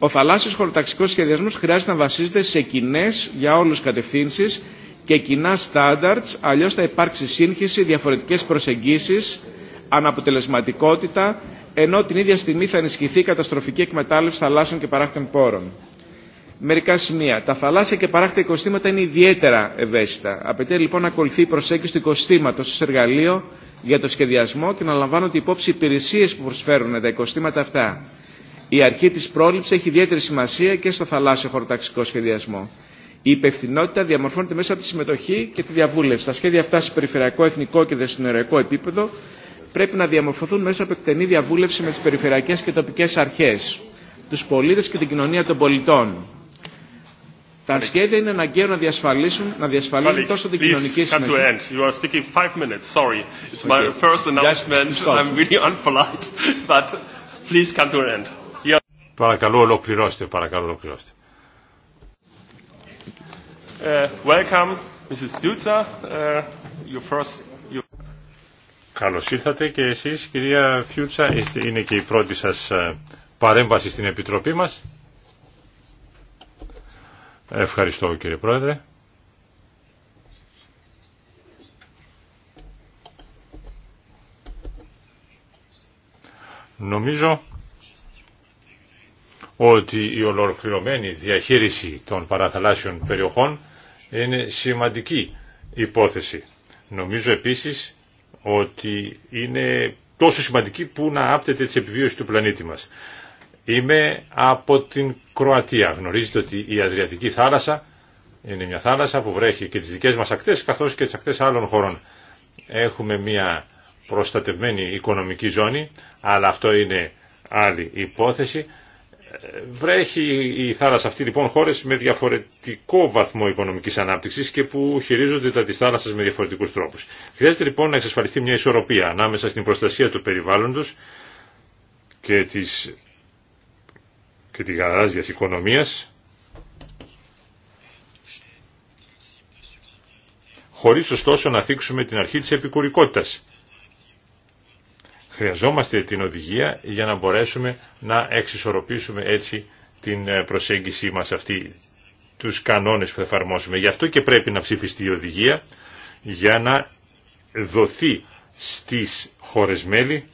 Ο θαλάσσιος χωροταξικός σχεδιασμός χρειάζεται να βασίζεται σε κοινέ για όλους κατευθύνσει και κοινά standards, αλλιώς θα υπάρξει σύγχυση, διαφορετικές προσεγγίσεις αναποτελεσματικότητα, ενώ την ίδια στιγμή θα ενισχυθεί η καταστροφική εκμετάλλευση θαλάσσιων και παράκτων πόρων. Μερικά σημεία. Τα θαλάσσια και παράκτα οικοστήματα είναι ιδιαίτερα ευαίσθητα. Απαιτεί λοιπόν να ακολουθεί η προσέγγιση του οικοστήματο ω εργαλείο για το σχεδιασμό και να λαμβάνονται υπόψη υπηρεσίε που προσφέρουν τα οικοστήματα αυτά. Η αρχή τη πρόληψη έχει ιδιαίτερη σημασία και στο θαλάσσιο χωροταξικό σχεδιασμό. Η υπευθυνότητα διαμορφώνεται μέσα από τη συμμετοχή και τη διαβούλευση. Τα σχέδια αυτά σε περιφερειακό, εθνικό και δεσμευτικό επίπεδο πρέπει να διαμορφωθούν μέσω από εκτενή διαβούλευση με τι περιφερειακέ και τοπικέ αρχέ, του πολίτε και την κοινωνία των πολιτών. Τα σχέδια είναι αναγκαίο να διασφαλίσουν, να διασφαλίσουν τόσο την κοινωνική συνέχεια. [LAUGHS] Παρακαλώ ολοκληρώστε, παρακαλώ ολοκληρώστε. Uh, welcome, Mrs. Stutzer, Uh, your first Καλώς ήρθατε και εσείς κυρία Φιούτσα, είναι και η πρώτη σας ε, παρέμβαση στην Επιτροπή μας. Ευχαριστώ κύριε Πρόεδρε. Νομίζω ότι η ολοκληρωμένη διαχείριση των παραθαλάσσιων περιοχών είναι σημαντική υπόθεση. Νομίζω επίσης ότι είναι τόσο σημαντική που να άπτεται της επιβίωση του πλανήτη μας. Είμαι από την Κροατία. Γνωρίζετε ότι η Αδριατική θάλασσα είναι μια θάλασσα που βρέχει και τις δικές μας ακτές καθώς και τις ακτές άλλων χωρών. Έχουμε μια προστατευμένη οικονομική ζώνη, αλλά αυτό είναι άλλη υπόθεση. Βρέχει η θάλασσα αυτή λοιπόν χώρες με διαφορετικό βαθμό οικονομικής ανάπτυξης και που χειρίζονται τα της θάλασσας με διαφορετικούς τρόπους. Χρειάζεται λοιπόν να εξασφαλιστεί μια ισορροπία ανάμεσα στην προστασία του περιβάλλοντος και της, και της οικονομίας χωρίς ωστόσο να θίξουμε την αρχή της επικουρικότητας Χρειαζόμαστε την οδηγία για να μπορέσουμε να εξισορροπήσουμε έτσι την ε, προσέγγιση μας αυτή, τους κανόνες που θα εφαρμόσουμε. Γι' αυτό και πρέπει να ψηφιστεί η οδηγία για να δοθεί στις χώρες μέλη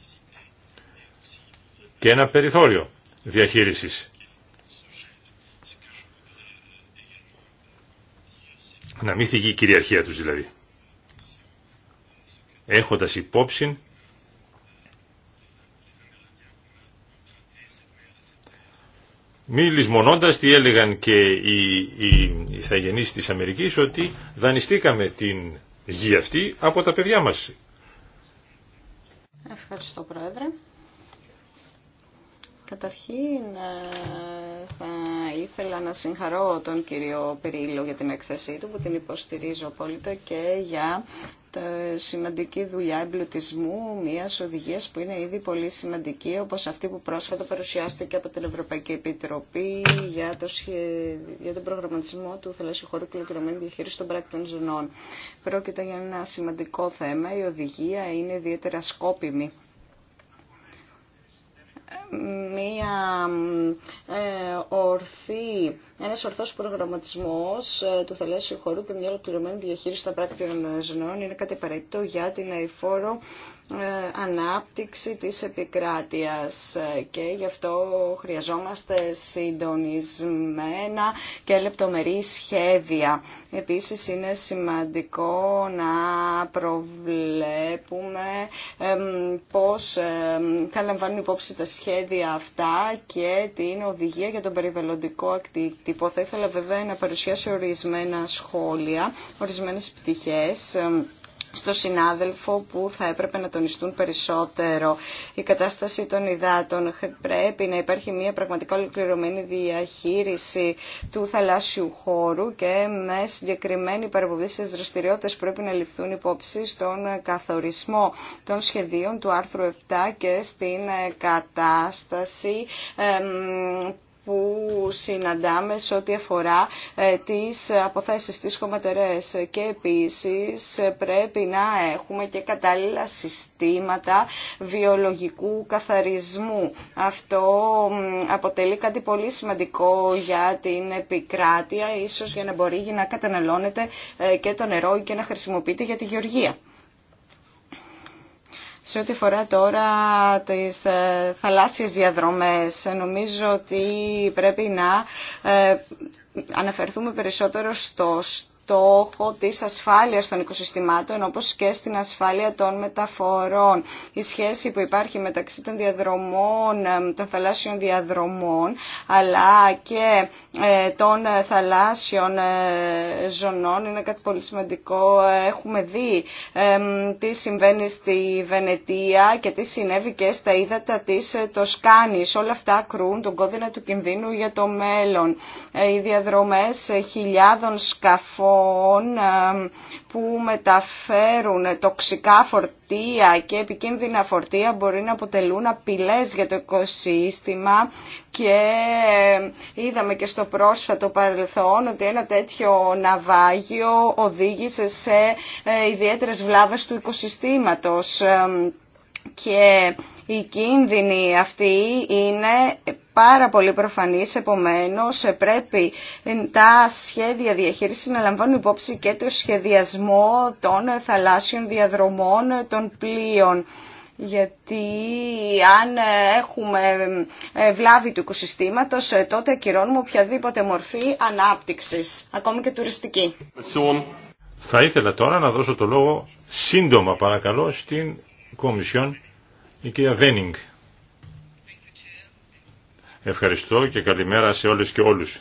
και ένα περιθώριο διαχείρισης. Να μην θυγεί η κυριαρχία τους δηλαδή. Έχοντας υπόψη Μη λησμονώντας τι έλεγαν και οι, οι της Αμερικής ότι δανειστήκαμε την γη αυτή από τα παιδιά μας. Ευχαριστώ Πρόεδρε. Καταρχήν ε, θα ήθελα να συγχαρώ τον κύριο Περίλο για την έκθεσή του που την υποστηρίζω απόλυτα και για σημαντική δουλειά εμπλουτισμού μιας οδηγίας που είναι ήδη πολύ σημαντική όπως αυτή που πρόσφατα παρουσιάστηκε από την Ευρωπαϊκή Επιτροπή για, το, για τον προγραμματισμό του θελασσίου χώρου κληροκυρωμένου διαχείριση των πράκτων ζωνών. Πρόκειται για ένα σημαντικό θέμα. Η οδηγία είναι ιδιαίτερα σκόπιμη μία ε, ορθή, ένας ορθός προγραμματισμός ε, του θελασσίου χώρου και μια ολοκληρωμένη διαχείριση των πράκτηρων ζωνών είναι κάτι απαραίτητο για την αηφόρο ε, ανάπτυξη της επικράτειας ε, και γι' αυτό χρειαζόμαστε συντονισμένα και λεπτομερή σχέδια. Επίσης είναι σημαντικό να προβλέπουμε πώς θα λαμβάνουν υπόψη τα σχέδια αυτά και την οδηγία για τον περιβαλλοντικό ακτιτυπό. Θα ήθελα βέβαια να παρουσιάσω ορισμένα σχόλια, ορισμένες πτυχές στο συνάδελφο που θα έπρεπε να τονιστούν περισσότερο. Η κατάσταση των υδάτων πρέπει να υπάρχει μια πραγματικά ολοκληρωμένη διαχείριση του θαλάσσιου χώρου και με συγκεκριμένη παρεμβολή στις δραστηριότητες πρέπει να ληφθούν υπόψη στον καθορισμό των σχεδίων του άρθρου 7 και στην κατάσταση που συναντάμε σε ό,τι αφορά ε, τις αποθέσεις της χωματερές και επίσης ε, πρέπει να έχουμε και κατάλληλα συστήματα βιολογικού καθαρισμού. Αυτό αποτελεί κάτι πολύ σημαντικό για την επικράτεια, ίσως για να μπορεί να καταναλώνεται ε, και το νερό και να χρησιμοποιείται για τη γεωργία. Σε ό,τι αφορά τώρα τις ε, θαλάσσιες διαδρομές, νομίζω ότι πρέπει να ε, αναφερθούμε περισσότερο στο στόχο της ασφάλειας των οικοσυστημάτων όπως και στην ασφάλεια των μεταφορών. Η σχέση που υπάρχει μεταξύ των διαδρομών, ε, των θαλάσσιων διαδρομών αλλά και ε, των θαλάσσιων ε, ζωνών είναι κάτι πολύ σημαντικό. Έχουμε δει τι συμβαίνει στη Βενετία και τι συνέβη και στα ύδατα της Τοσκάνης. Όλα αυτά κρούν τον κόδυνα του κινδύνου για το μέλλον. Οι διαδρομές χιλιάδων σκαφών ε, που μεταφέρουν τοξικά φορτία και επικίνδυνα φορτία μπορεί να αποτελούν απειλές για το οικοσύστημα και ε, είδαμε και στο πρόσφατο παρελθόν ότι ένα τέτοιο ναυάγιο οδήγησε σε ε, ιδιαίτερες βλάβες του οικοσυστήματος και οι κίνδυνοι αυτοί είναι πάρα πολύ προφανείς, επομένως πρέπει τα σχέδια διαχείρισης να λαμβάνουν υπόψη και το σχεδιασμό των θαλάσσιων διαδρομών των πλοίων. Γιατί αν έχουμε βλάβη του οικοσυστήματος, τότε ακυρώνουμε οποιαδήποτε μορφή ανάπτυξης, ακόμη και τουριστική. Θα ήθελα τώρα να δώσω το λόγο σύντομα παρακαλώ στην Κομισιόν, η κυρία Ευχαριστώ και καλημέρα σε όλες και όλους.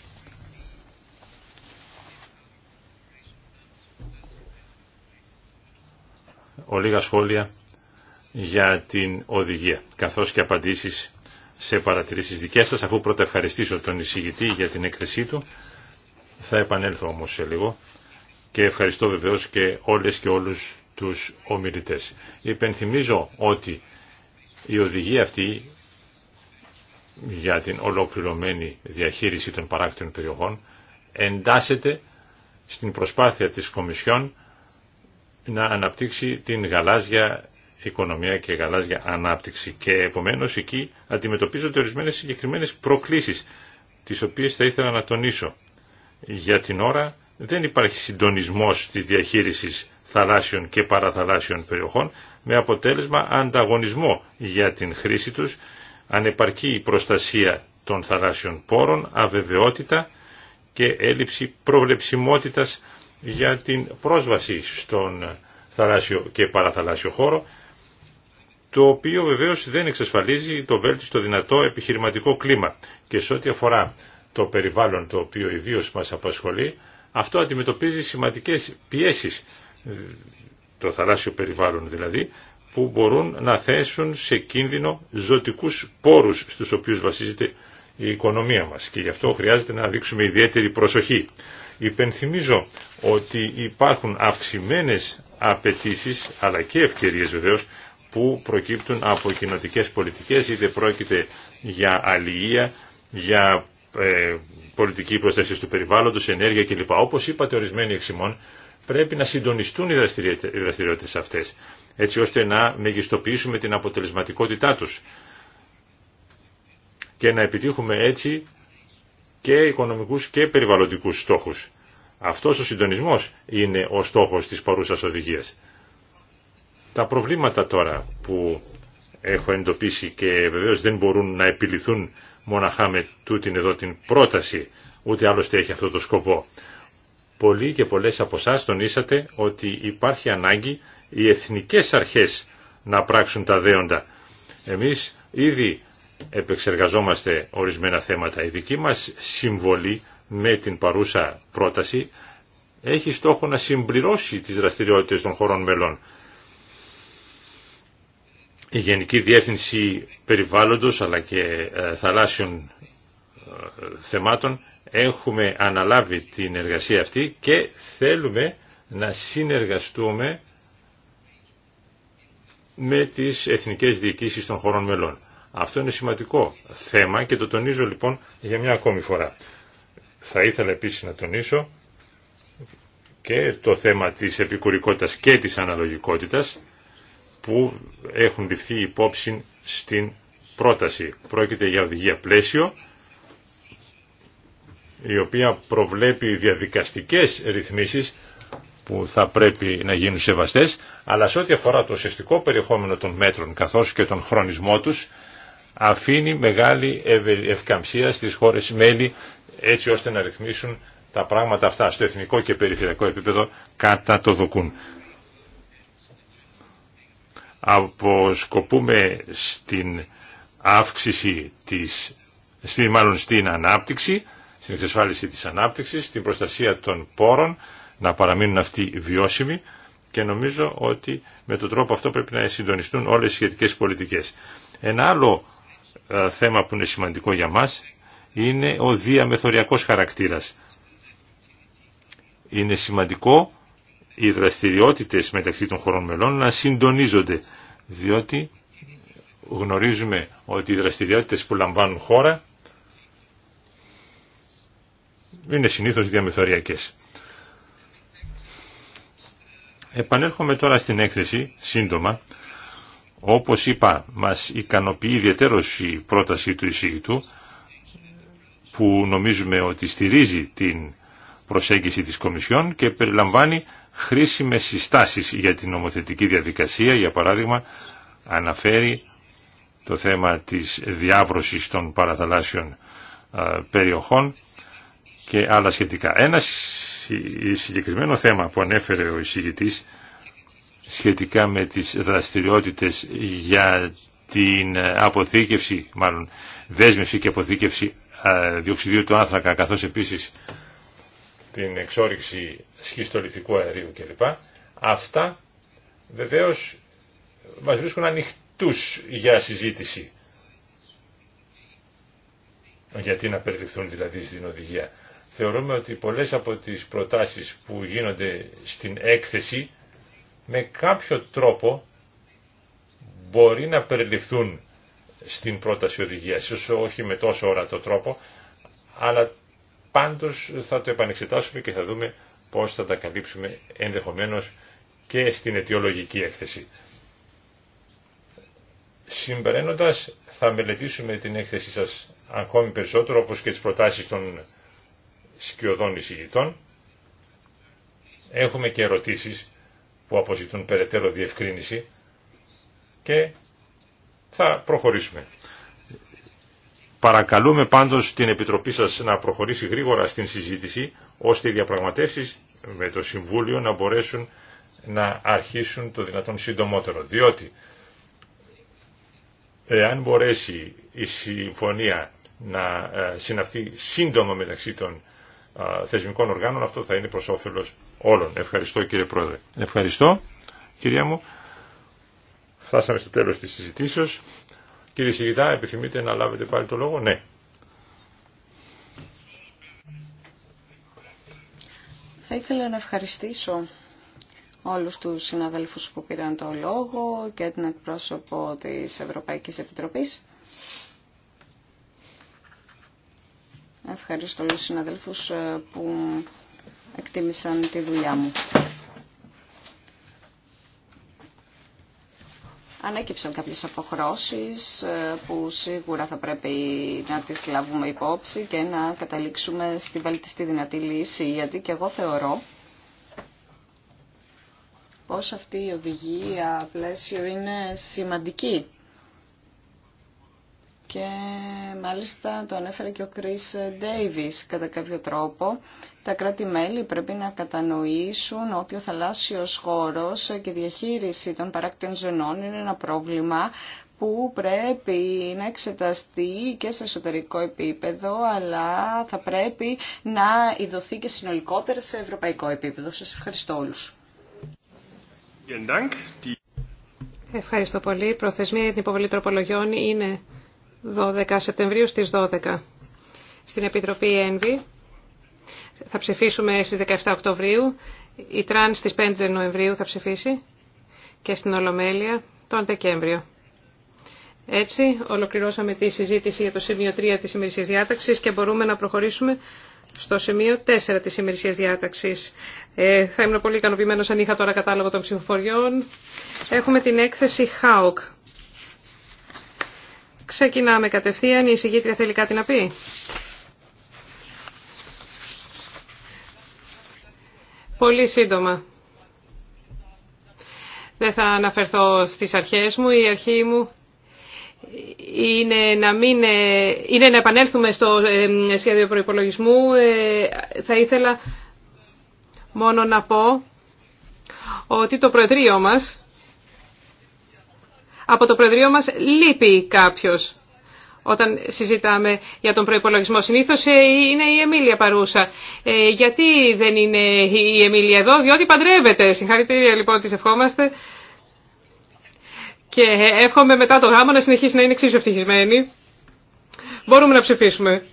Ολίγα σχόλια για την οδηγία, καθώς και απαντήσεις σε παρατηρήσεις δικές σας, αφού πρώτα ευχαριστήσω τον εισηγητή για την έκθεσή του. Θα επανέλθω όμως σε λίγο και ευχαριστώ βεβαίως και όλες και όλους τους ομιλητές. Υπενθυμίζω ότι η οδηγία αυτή για την ολοκληρωμένη διαχείριση των παράκτων περιοχών εντάσσεται στην προσπάθεια της Κομισιόν να αναπτύξει την γαλάζια οικονομία και γαλάζια ανάπτυξη και επομένως εκεί αντιμετωπίζονται ορισμένες συγκεκριμένες προκλήσεις τις οποίες θα ήθελα να τονίσω. Για την ώρα δεν υπάρχει συντονισμός της διαχείρισης θαλάσσιων και παραθαλάσσιων περιοχών με αποτέλεσμα ανταγωνισμό για την χρήση τους, ανεπαρκή προστασία των θαλάσσιων πόρων, αβεβαιότητα και έλλειψη προβλεψιμότητας για την πρόσβαση στον θαλάσσιο και παραθαλάσσιο χώρο, το οποίο βεβαίως δεν εξασφαλίζει το βέλτιστο δυνατό επιχειρηματικό κλίμα. Και σε ό,τι αφορά το περιβάλλον το οποίο ιδίω μας απασχολεί, αυτό αντιμετωπίζει σημαντικές πιέσεις το θαλάσσιο περιβάλλον δηλαδή, που μπορούν να θέσουν σε κίνδυνο ζωτικούς πόρους στους οποίους βασίζεται η οικονομία μας και γι' αυτό χρειάζεται να δείξουμε ιδιαίτερη προσοχή. Υπενθυμίζω ότι υπάρχουν αυξημένες απαιτήσει αλλά και ευκαιρίες βεβαίως που προκύπτουν από κοινοτικέ πολιτικές είτε πρόκειται για αλληλεία, για ε, πολιτική προστασία του περιβάλλοντος, ενέργεια κλπ. Όπως είπατε ορισμένοι εξημών πρέπει να συντονιστούν οι δραστηριότητες αυτές, έτσι ώστε να μεγιστοποιήσουμε την αποτελεσματικότητά τους και να επιτύχουμε έτσι και οικονομικούς και περιβαλλοντικούς στόχους. Αυτός ο συντονισμός είναι ο στόχος της παρούσας οδηγίας. Τα προβλήματα τώρα που έχω εντοπίσει και βεβαίως δεν μπορούν να επιληθούν μοναχά με τούτην εδώ την πρόταση, ούτε άλλωστε έχει αυτό το σκοπό. Πολλοί και πολλές από εσά τονίσατε ότι υπάρχει ανάγκη οι εθνικές αρχές να πράξουν τα δέοντα. Εμείς ήδη επεξεργαζόμαστε ορισμένα θέματα. Η δική μας συμβολή με την παρούσα πρόταση έχει στόχο να συμπληρώσει τις δραστηριότητες των χωρών μελών. Η Γενική Διεύθυνση Περιβάλλοντος αλλά και ε, Θαλάσσιων θεμάτων έχουμε αναλάβει την εργασία αυτή και θέλουμε να συνεργαστούμε με τις εθνικές διοικήσεις των χωρών μελών. Αυτό είναι σημαντικό θέμα και το τονίζω λοιπόν για μια ακόμη φορά. Θα ήθελα επίσης να τονίσω και το θέμα της επικουρικότητας και της αναλογικότητας που έχουν ληφθεί υπόψη στην πρόταση. Πρόκειται για οδηγία πλαίσιο η οποία προβλέπει διαδικαστικές ρυθμίσεις που θα πρέπει να γίνουν σεβαστές, αλλά σε ό,τι αφορά το ουσιαστικό περιεχόμενο των μέτρων καθώς και τον χρονισμό τους, αφήνει μεγάλη ευκαμψία στις χώρες μέλη έτσι ώστε να ρυθμίσουν τα πράγματα αυτά στο εθνικό και περιφερειακό επίπεδο κατά το δοκούν. Αποσκοπούμε στην αύξηση της, στη, μάλλον στην ανάπτυξη στην εξασφάλιση της ανάπτυξης, στην προστασία των πόρων, να παραμείνουν αυτοί βιώσιμοι και νομίζω ότι με τον τρόπο αυτό πρέπει να συντονιστούν όλες οι σχετικές πολιτικές. Ένα άλλο ε, θέμα που είναι σημαντικό για μας είναι ο διαμεθοριακός χαρακτήρας. Είναι σημαντικό οι δραστηριότητες μεταξύ των χωρών μελών να συντονίζονται, διότι γνωρίζουμε ότι οι δραστηριότητες που λαμβάνουν χώρα είναι συνήθως διαμεθοριακές. Επανέρχομαι τώρα στην έκθεση, σύντομα. Όπως είπα, μας ικανοποιεί ιδιαίτερως η πρόταση του εισηγητού, που νομίζουμε ότι στηρίζει την προσέγγιση της Κομισιόν και περιλαμβάνει χρήσιμες συστάσεις για την νομοθετική διαδικασία. Για παράδειγμα, αναφέρει το θέμα της διάβρωσης των παραθαλάσσιων ε, περιοχών και άλλα σχετικά. Ένα συγκεκριμένο θέμα που ανέφερε ο εισηγητής σχετικά με τις δραστηριότητες για την αποθήκευση, μάλλον δέσμευση και αποθήκευση διοξιδίου του άνθρακα, καθώς επίσης την εξόρυξη σχιστολιθικού αερίου κλπ. Αυτά βεβαίως μας βρίσκουν ανοιχτούς για συζήτηση. Γιατί να περιληφθούν δηλαδή στην οδηγία θεωρούμε ότι πολλές από τις προτάσεις που γίνονται στην έκθεση με κάποιο τρόπο μπορεί να περιληφθούν στην πρόταση οδηγίας, ίσως όχι με τόσο ορατό τρόπο, αλλά πάντως θα το επανεξετάσουμε και θα δούμε πώς θα τα καλύψουμε ενδεχομένως και στην αιτιολογική έκθεση. Συμπεραίνοντας, θα μελετήσουμε την έκθεση σας ακόμη περισσότερο, όπως και τις προτάσεις των σκιωδών εισηγητών. Έχουμε και ερωτήσεις που αποζητούν περαιτέρω διευκρίνηση και θα προχωρήσουμε. Παρακαλούμε πάντως την Επιτροπή σας να προχωρήσει γρήγορα στην συζήτηση, ώστε οι διαπραγματεύσεις με το Συμβούλιο να μπορέσουν να αρχίσουν το δυνατόν σύντομότερο. Διότι, εάν μπορέσει η συμφωνία να ε, συναυθεί σύντομα μεταξύ των θεσμικών οργάνων. Αυτό θα είναι προς όφελος όλων. Ευχαριστώ κύριε Πρόεδρε. Ευχαριστώ κυρία μου. Φτάσαμε στο τέλος της συζητήσεως. Κύριε Σιγητά, επιθυμείτε να λάβετε πάλι το λόγο. Ναι. Θα ήθελα να ευχαριστήσω όλους τους συναδέλφους που πήραν το λόγο και την εκπρόσωπο της Ευρωπαϊκής Επιτροπής. Ευχαριστώ όλους τους συναδέλφους ε, που εκτίμησαν τη δουλειά μου. Ανέκυψαν κάποιες αποχρώσεις ε, που σίγουρα θα πρέπει να τις λάβουμε υπόψη και να καταλήξουμε στη βαλτιστή δυνατή λύση, γιατί και εγώ θεωρώ πως αυτή η οδηγία πλαίσιο είναι σημαντική και μάλιστα το ανέφερε και ο Κρίς Ντέιβις κατά κάποιο τρόπο. Τα κράτη-μέλη πρέπει να κατανοήσουν ότι ο θαλάσσιος χώρος και η διαχείριση των παράκτων ζωνών είναι ένα πρόβλημα που πρέπει να εξεταστεί και σε εσωτερικό επίπεδο, αλλά θα πρέπει να ειδωθεί και συνολικότερα σε ευρωπαϊκό επίπεδο. Σας ευχαριστώ όλους. Ευχαριστώ πολύ. προθεσμία για την υποβολή τροπολογιών είναι 12 Σεπτεμβρίου στις 12 στην Επιτροπή ΕΝΒΗ. Θα ψηφίσουμε στις 17 Οκτωβρίου. Η Τραν στις 5 Νοεμβρίου θα ψηφίσει και στην Ολομέλεια τον Δεκέμβριο. Έτσι, ολοκληρώσαμε τη συζήτηση για το σημείο 3 της ημερησίας διάταξης και μπορούμε να προχωρήσουμε στο σημείο 4 της ημερησίας διάταξης. Ε, θα ήμουν πολύ ικανοποιημένος αν είχα τώρα κατάλογο των ψηφοφοριών. Έχουμε την έκθεση ΧΑΟΚ Ξεκινάμε κατευθείαν. Η εισηγήτρια θέλει κάτι να πει. Πολύ σύντομα. Δεν θα αναφερθώ στις αρχές μου. Η αρχή μου είναι να, μην, ε, είναι να επανέλθουμε στο ε, σχέδιο προϋπολογισμού. Ε, θα ήθελα μόνο να πω ότι το Προεδρείο μας από το Προεδρείο μας λείπει κάποιος όταν συζητάμε για τον προϋπολογισμό. Συνήθως ε, είναι η Εμίλια παρούσα. Ε, γιατί δεν είναι η Εμίλια εδώ, διότι παντρεύεται. Συγχαρητήρια λοιπόν, τις ευχόμαστε. Και εύχομαι μετά το γάμο να συνεχίσει να είναι εξίσου ευτυχισμένη. Μπορούμε να ψηφίσουμε.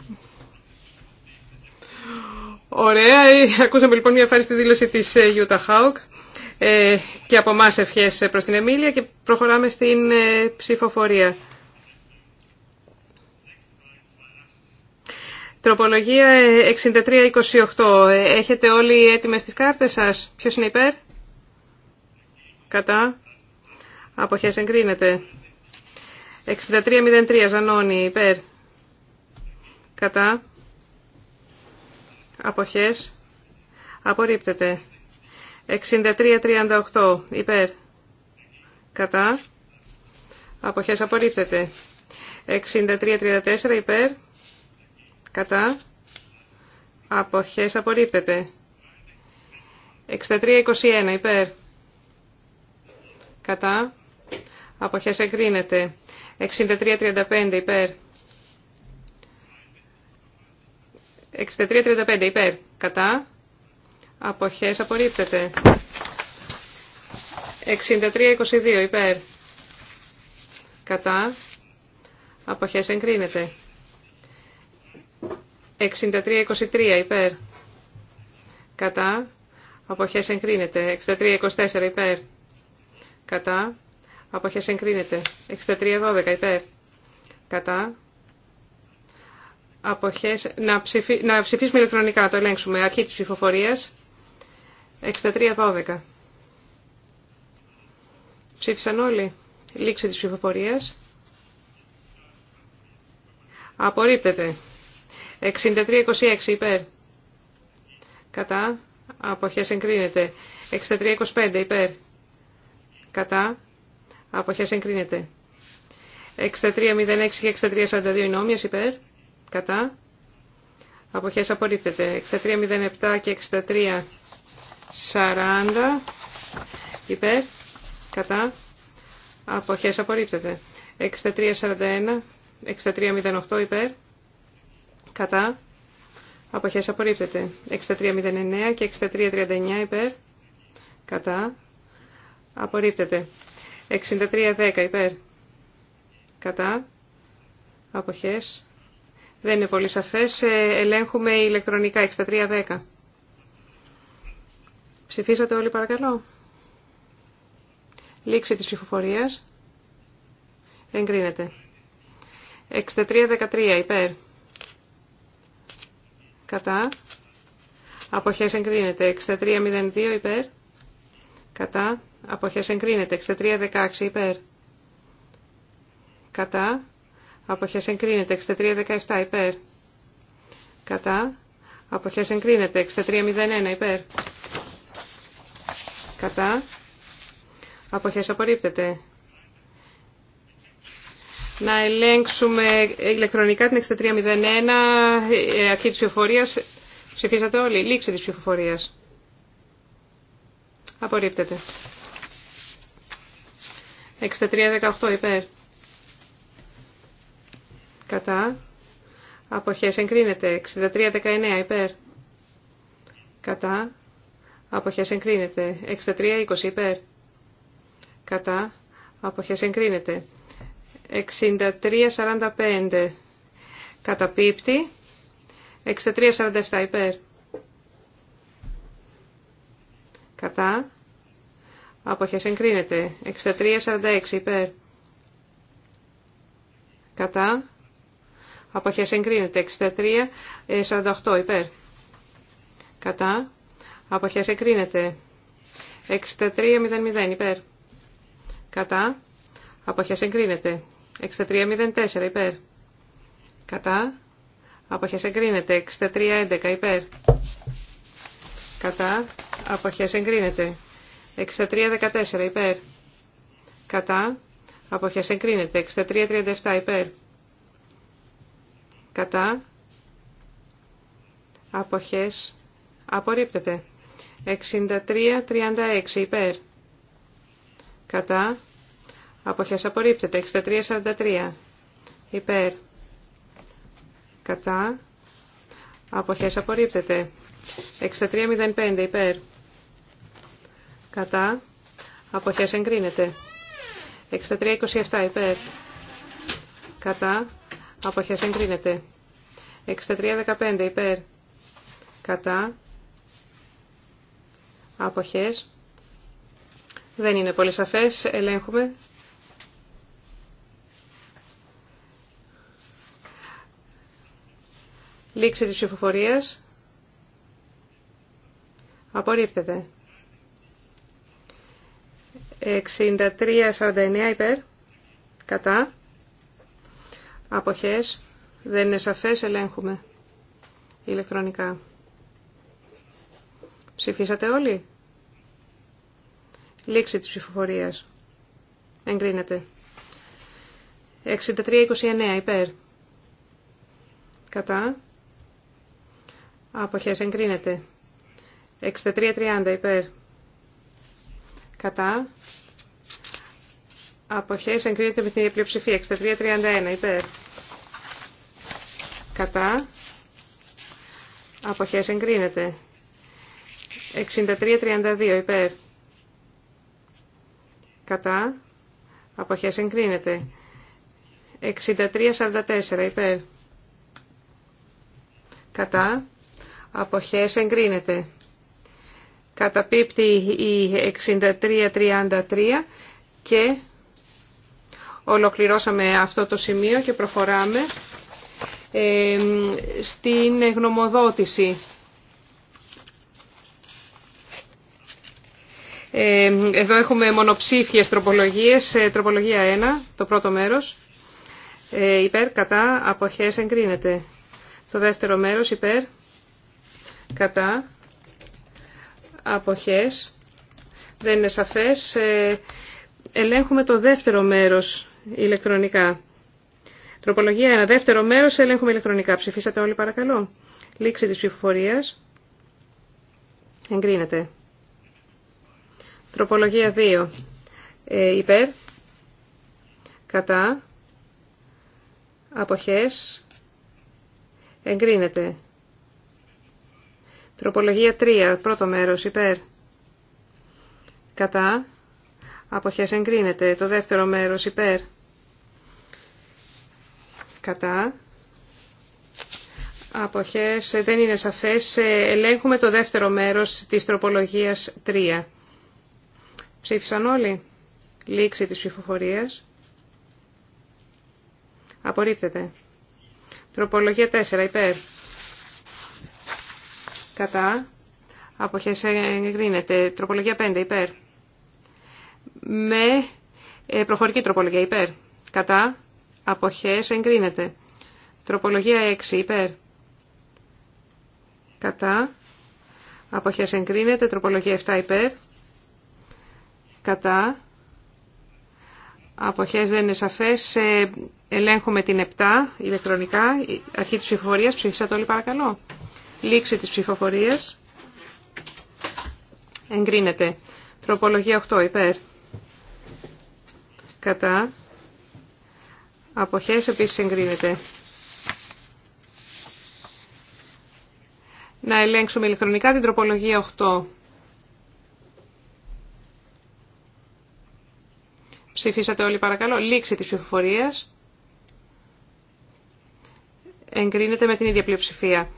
Ωραία, ε, ακούσαμε λοιπόν μια ευχάριστη δήλωση της Utah Hawk και από εμά ευχές προς την Εμίλια και Προχωράμε στην ε, ψηφοφορία. Τροπολογία 6328. Ε, Έχετε όλοι έτοιμες τις κάρτες σας. Ποιος είναι υπέρ? Κατά. Αποχές εγκρίνεται. 6303. Ζανώνη. Υπέρ. Κατά. Αποχές. Απορρίπτεται. 6338. Υπέρ κατά, αποχές απορρίπτεται. 63-34 υπέρ, κατά, αποχές απορρίπτεται. 63-21 υπέρ, κατά, αποχές εγκρίνεται. 63-35 υπέρ, 63-35 υπέρ, κατά, αποχές απορρίπτεται. 63-22 υπέρ. Κατά. Αποχές εγκρίνεται. 63-23 υπέρ. Κατά. Αποχές εγκρίνεται. 63-24 υπέρ. Κατά. Αποχές εγκρίνεται. 63-12 υπέρ. Κατά. Αποχές. Να, να ψηφίσουμε ηλεκτρονικά. Το ελέγξουμε. Αρχή της ψηφοφορίας. 63-12. Ψήφισαν όλοι. Λήξη της ψηφοφορίας. Απορρίπτεται. 63-26 υπέρ. Κατά. Αποχές εγκρίνεται. 63-25 υπέρ. Κατά. Αποχές εγκρίνεται. 63-06 και 63-42 οι νόμιες υπέρ. Κατά. Αποχές απορρίπτεται. 63-07 και 63-40 υπέρ κατά, αποχές απορρίπτεται. 6341, 6308 υπέρ, κατά, αποχές απορρίπτεται. 6309 και 6339 υπέρ, κατά, απορρίπτεται. 6310 υπέρ, κατά, αποχές, δεν είναι πολύ σαφές, ε, ελέγχουμε ηλεκτρονικά 6310. Ψηφίσατε όλοι παρακαλώ. Λήξη της ψηφοφορίας. Εγκρίνεται. 63-13 υπέρ. Κατά. Αποχές εγκρίνεται. 63-02 υπέρ. Κατά. Αποχές εγκρίνεται. 63-16 υπέρ. Κατά. Αποχές εγκρίνεται. 63-17 υπέρ. Κατά. Αποχές εγκρίνεται. 63-01 υπέρ. Κατά. Αποχές απορρίπτεται. Να ελέγξουμε ηλεκτρονικά την 6301, ε, αρχή της ψηφοφορίας. Ψηφίσατε όλοι. Λήξη της ψηφοφορίας. Απορρίπτεται. 6318 υπέρ. Κατά. Αποχές εγκρίνεται. 6319 υπέρ. Κατά. Αποχές εγκρίνεται. 6320 υπέρ κατά απόχεια εγκρίνεται. 63-45 καταπίπτει. 63-47 υπέρ. Κατά. αποχες συγκρινεται εγκρίνεται. 63-46 υπέρ. Κατά. αποχες απόχεια εγκρίνεται. 63-48 υπέρ. Κατά. απόχεια εγκρίνεται. 63-00 υπέρ. Κατά. Αποχέ εγκρίνεται. 6304 υπέρ. Κατά. Αποχέ εγκρίνεται. 6311 υπέρ. Κατά. Αποχέ εγκρίνεται. 6314 υπέρ. Κατά. Αποχέ εγκρίνεται. 6337 υπέρ. Κατά. Αποχές απορρίπτεται. 6336 υπέρ κατά, αποχές απορρίπτεται. υπέρ, κατά, αποχές απορρίπτεται. 63-05 υπέρ, κατά, αποχές εγκρίνεται. 63-27 υπέρ, κατά, αποχές εγκρίνεται. 63-15 υπέρ, κατά, αποχές δεν είναι πολύ σαφές. Ελέγχουμε. Λήξη της ψηφοφορίας. Απορρίπτεται. 63-49 υπέρ. Κατά. Αποχές. Δεν είναι σαφές. Ελέγχουμε. Ηλεκτρονικά. Ψηφίσατε όλοι. Λήξη της ψηφοφορίας. Εγκρίνεται. 63-29 υπέρ. Κατά. Αποχές εγκρίνεται. 63-30 υπέρ. Κατά. Αποχές εγκρίνεται με την πλειοψηφία. 63-31 υπέρ. Κατά. Αποχές εγκρίνεται. 63-32 υπέρ κατά, αποχές εγκρίνεται. 63-44 υπέρ, κατά, αποχές εγκρίνεται. Καταπίπτει η 63-33 και ολοκληρώσαμε αυτό το σημείο και προχωράμε στην γνωμοδότηση. Ε, εδώ έχουμε μονοψήφιες τροπολογίες. Ε, τροπολογία 1, το πρώτο μέρος. Ε, υπέρ, κατά, αποχές εγκρίνεται. Το δεύτερο μέρος υπέρ, κατά, αποχές. Δεν είναι σαφές. Ελέγχουμε το δεύτερο μέρος ηλεκτρονικά. Τροπολογία 1. Δεύτερο μέρος ελέγχουμε ηλεκτρονικά. Ψηφίσατε όλοι παρακαλώ. Λήξη της ψηφοφορίας. Εγκρίνεται. Τροπολογία 2. Ε, υπέρ. Κατά. Αποχές. Εγκρίνεται. Τροπολογία 3. Πρώτο μέρος. Υπέρ. Κατά. Αποχές εγκρίνεται. Το δεύτερο μέρος. Υπέρ. Κατά. Αποχές ε, δεν είναι σαφές. Ε, ελέγχουμε το δεύτερο μέρος της τροπολογίας 3. Ψήφισαν όλοι. Λήξη της ψηφοφορίας. Απορρίπτεται. Τροπολογία 4. Υπέρ. Κατά. Αποχές εγκρίνεται. Τροπολογία 5. Υπέρ. Με ε, προφορική τροπολογία. Υπέρ. Κατά. Αποχές εγκρίνεται. Τροπολογία 6. Υπέρ. Κατά. Αποχές εγκρίνεται. Τροπολογία 7. Υπέρ κατά, αποχές δεν είναι σαφές, ε, ελέγχουμε την 7 ηλεκτρονικά, αρχή της ψηφοφορίας, ψηφίσατε όλοι παρακαλώ. Λήξη της ψηφοφορίας, εγκρίνεται. Τροπολογία 8, υπέρ, κατά, αποχές επίσης εγκρίνεται. Να ελέγξουμε ηλεκτρονικά την τροπολογία 8. Ψηφίσατε όλοι παρακαλώ. Λήξη της ψηφοφορία. Εγκρίνεται με την ίδια πλειοψηφία.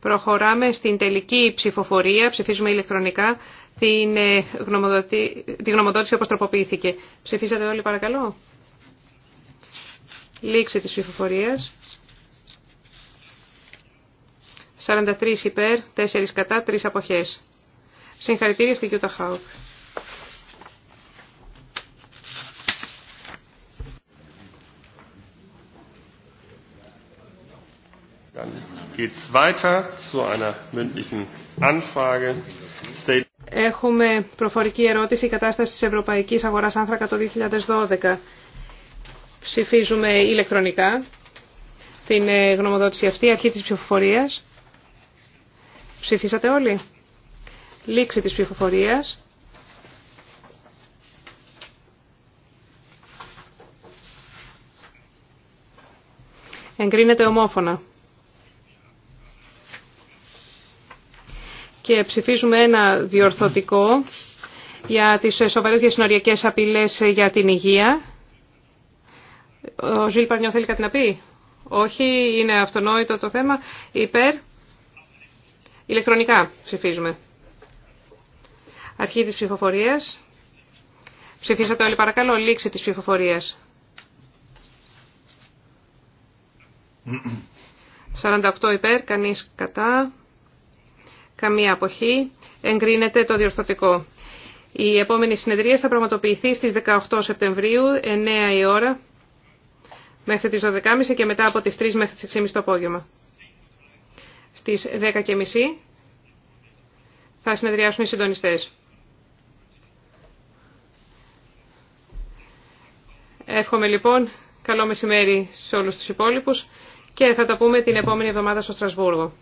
Προχωράμε στην τελική ψηφοφορία. Ψηφίζουμε ηλεκτρονικά την ε, γνωμοδότη... τη γνωμοδότηση όπως τροποποιήθηκε. Ψηφίσατε όλοι παρακαλώ. Λήξη της ψηφοφορία. 43 υπέρ, 4 κατά, 3 αποχές. Συγχαρητήρια στη Γιούτα Χάουκ. Έχουμε προφορική ερώτηση η κατάσταση της Ευρωπαϊκής Αγοράς Άνθρακα το 2012. Ψηφίζουμε ηλεκτρονικά την ε, γνωμοδότηση αυτή, αρχή της ψηφοφορίας. Ψηφίσατε όλοι. Λήξη της ψηφοφορίας. Εγκρίνεται ομόφωνα. και ψηφίζουμε ένα διορθωτικό για τις σοβαρές διασυνοριακές απειλές για την υγεία. Ο Ζήλ Παρνιό θέλει κάτι να πει. Όχι, είναι αυτονόητο το θέμα. Υπέρ. Ηλεκτρονικά ψηφίζουμε. Αρχή της ψηφοφορίας. Ψηφίσατε όλοι παρακαλώ, λήξη της ψηφοφορίας. 48 [CLEARS THROAT] υπέρ, κανείς κατά καμία αποχή, εγκρίνεται το διορθωτικό. Η επόμενη συνεδρία θα πραγματοποιηθεί στις 18 Σεπτεμβρίου, 9 η ώρα, μέχρι τις 12.30 και μετά από τις 3 μέχρι τις 6.30 το απόγευμα. Στις 10.30 θα συνεδριάσουν οι συντονιστές. Εύχομαι λοιπόν καλό μεσημέρι σε όλους τους υπόλοιπους και θα τα πούμε την επόμενη εβδομάδα στο Στρασβούργο.